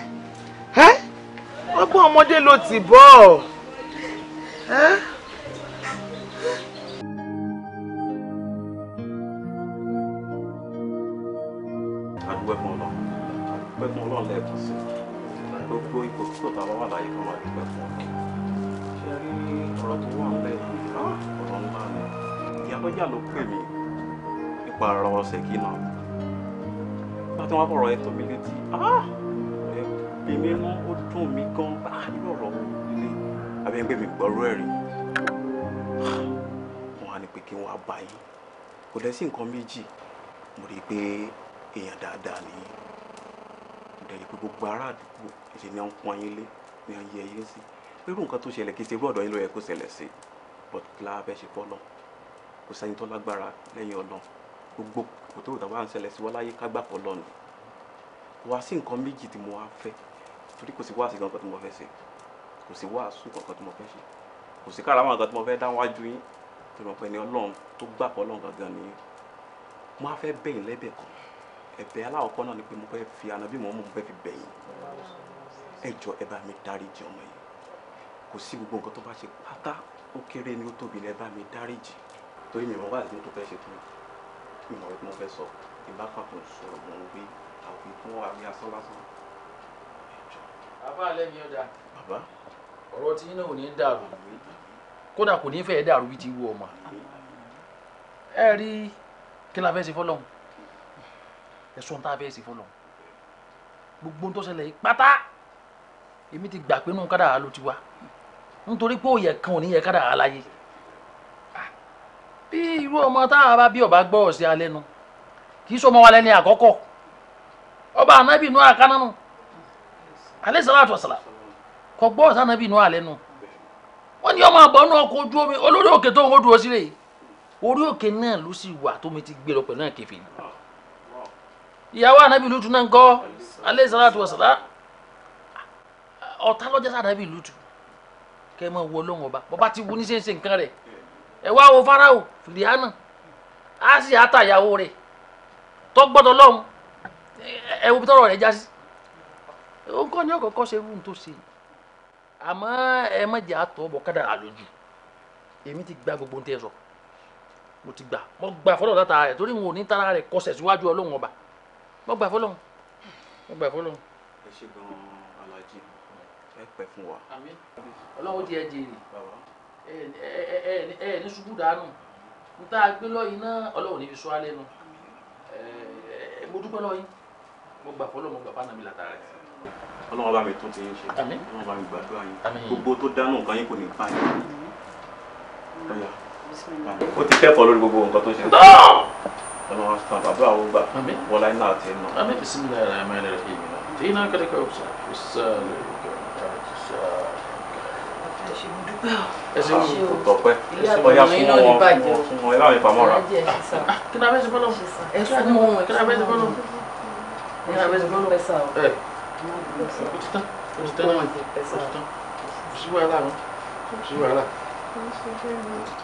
ọgbọ́n ọmọdé ló ti bọ́ ẹ́. kì í sí gbogbo ipò tó tọ́ta bá wà láyé kan máa dúpẹ́ fún ọ ṣe rí ọ̀rọ̀ tó wà ńlẹ̀ yìí ọ̀rọ̀ ńlá ni ìyálọ́jà ló pè mí nípa ara wọn ṣèkí náà nígbà tí wọ́n fọ̀rọ̀ ẹ tó mi létí ẹ̀mí mímú ó dùn mí gan bá nínú ọ̀rọ̀ ilé abẹ́gbẹ́ mi gbọ́rọ̀ ẹ̀rí wọn á ní pé kí wọ́n á bá yín kò dẹ̀ sí mo rí i pé èèyàn dáadáa ẹ̀rí pé gbogbo ará àdúgbò ìṣe ni wọ́n pọ́n yín lé ni wọ́n yẹ yín sí irú nǹkan tó ṣẹlẹ̀ kì í ṣe irú ọ̀dọ̀ yín ló yẹ kó ṣẹlẹ̀ sí but kí la fẹ́ ṣe pọ́ lọ kò sẹ́ni tó lágbára lẹ́yìn Ọlọ́run gbogbo kò tó ìtàwọn à ń ṣẹlẹ̀ sí wọ́n láyé ká gbàpọ̀ lọ́nà wá sí nǹkan méjì tí mo wá fẹ́ torí kò sí wáàsí kankan tí mo fẹ́ ṣe kò sí wáàsù kankan tí mo fẹ́ ṣe kò sí kára àwọn nǹkan tí mo fẹ́ dáwájú yín tí mo pẹ́ ni Ọlọ́run tó gbàpọ̀ Ọlọ́run gangan nìyẹn mo á fẹ́ bẹ̀yìn lẹ́bẹ̀ẹ́ kan ẹ̀bẹ̀ aláwọ̀kọ́ náà ni pé mo fẹ́ fi ànábì mọ́ mo fẹ́ fi bẹ̀yìn ẹ jọ ẹ bá mi dáríjì ọmọ yìí kò sí gbogbo nǹkan tó bá ṣe pátá ó kéré ni ó tóbi ni ẹ bá mi dáríjì torí mi ìmọ̀ wá àti mo tó fẹ́ ṣe fún mi ìmọ̀ rẹ tí mo fẹ́ sọ ìbá pàtó sọ̀rọ̀ mọ̀ ń gbé àfikún àrí asán lásán bàbá alẹ́ mi ọ̀dà. bàbá. ọ̀rọ̀ tí yín náà ò ní dàrú kódà kò ní fẹ́ dàrú bí ti wú ọmọ ẹ rí kí la fẹ́ ṣe fọlọ́hún ẹ̀sùn tá a fẹ́ ṣe fọlọ́ gbogbo tó ṣẹlẹ̀ yìí pátá èmi ti gbà pé inú kádàrá ló ti wá nítorí pé òye kan ò ní yẹ kádàrá láyé ah, bí irú ọmọ tá a bá bí ọba gbọ́ ọ̀sẹ̀ alẹ́ nu kì í sọ ọmọ wa lẹ́ni àkọ́kọ́ ọba anabi nu àkànnà nu alẹ́ sàlátù ọ̀sàlà kọ gbọ́ ọ̀sẹ̀ anabi nu àlẹ́ nu wọ́n ní ọmọ àgbọ̀ náà kó ojú omi olórí òkè tó ń wó dúró sílẹ̀ yìí orí òkè náà ló sì wà tó mi ti gbé lọ pẹ̀lú àkèfé yìí ìyàwó ànábì lùtù náà ń kọ́ alẹ́ ìsàlátù wọ̀sàlá ọ̀tá lọ́jọ́ sí ànábì lùtù kẹ́ ẹ máa wọ ọlọ́run ọba bọ́ba ti wú ní ṣe ń ṣe nǹkan rẹ̀ ẹ wá wo fáráò fìdíhánà á sì á tàyàwó rẹ̀ tó gbọ́dọ̀ lọ́hùn ẹ wo tọrọ rẹ̀ já sí ó ń kọ́ ní ọ̀kọ̀ọ̀kọ́ ṣe wù tó ṣe àmọ́ ẹ má jẹ́ àtọ̀ bọ̀ kádà àlójú èmi ti gba gbogbo ohun tẹ́ sọ mo ti gbà mo gbà fọlọ́ látara rẹ̀ torí wọn ò ní tara rẹ̀ kọsẹ̀ síwájú ọlọ́run ọba mo gbà fọlọ́hún mo gbà fọlọ́hún. ẹ ṣe gan-an alájí ẹ pẹ́ fún wa. àmín ọlọ́run ti ẹ jèrè ẹ ẹ ní ṣubú dànù n tá a gbé lọ́yìn náà ọlọ́run ní fi sọ alẹ́ nu ẹ mo dúpẹ́ lọ́yìn mo gbà fọlọ́hún mo gbà fánà mi látara rẹ̀. ọlọ́run bá mi tún ti ń ṣe ọlọ́run bá mi gbàdúrà yín gbogbo tó dánú nǹkan yín kò ní bá yín ó ti kẹ́kọ̀ọ́ lórí gbogbo nǹkan tó ṣe. لما واستنى أبا وبا ولا ينعتين أمين بسم الله الرحمن الرحيم تينا كده كوبسا والسال ẹsẹ mi kò tọpẹ ọyà fún wọn fún wọn ẹlẹ́wọ̀n ìpamọ́ra. kí ni abẹ́sẹ̀ bọ́lọ̀ ẹ̀sùn mọ́ wọn kí ni ti tán o ti tán náà o ti tán o ti tán o ti wàhálà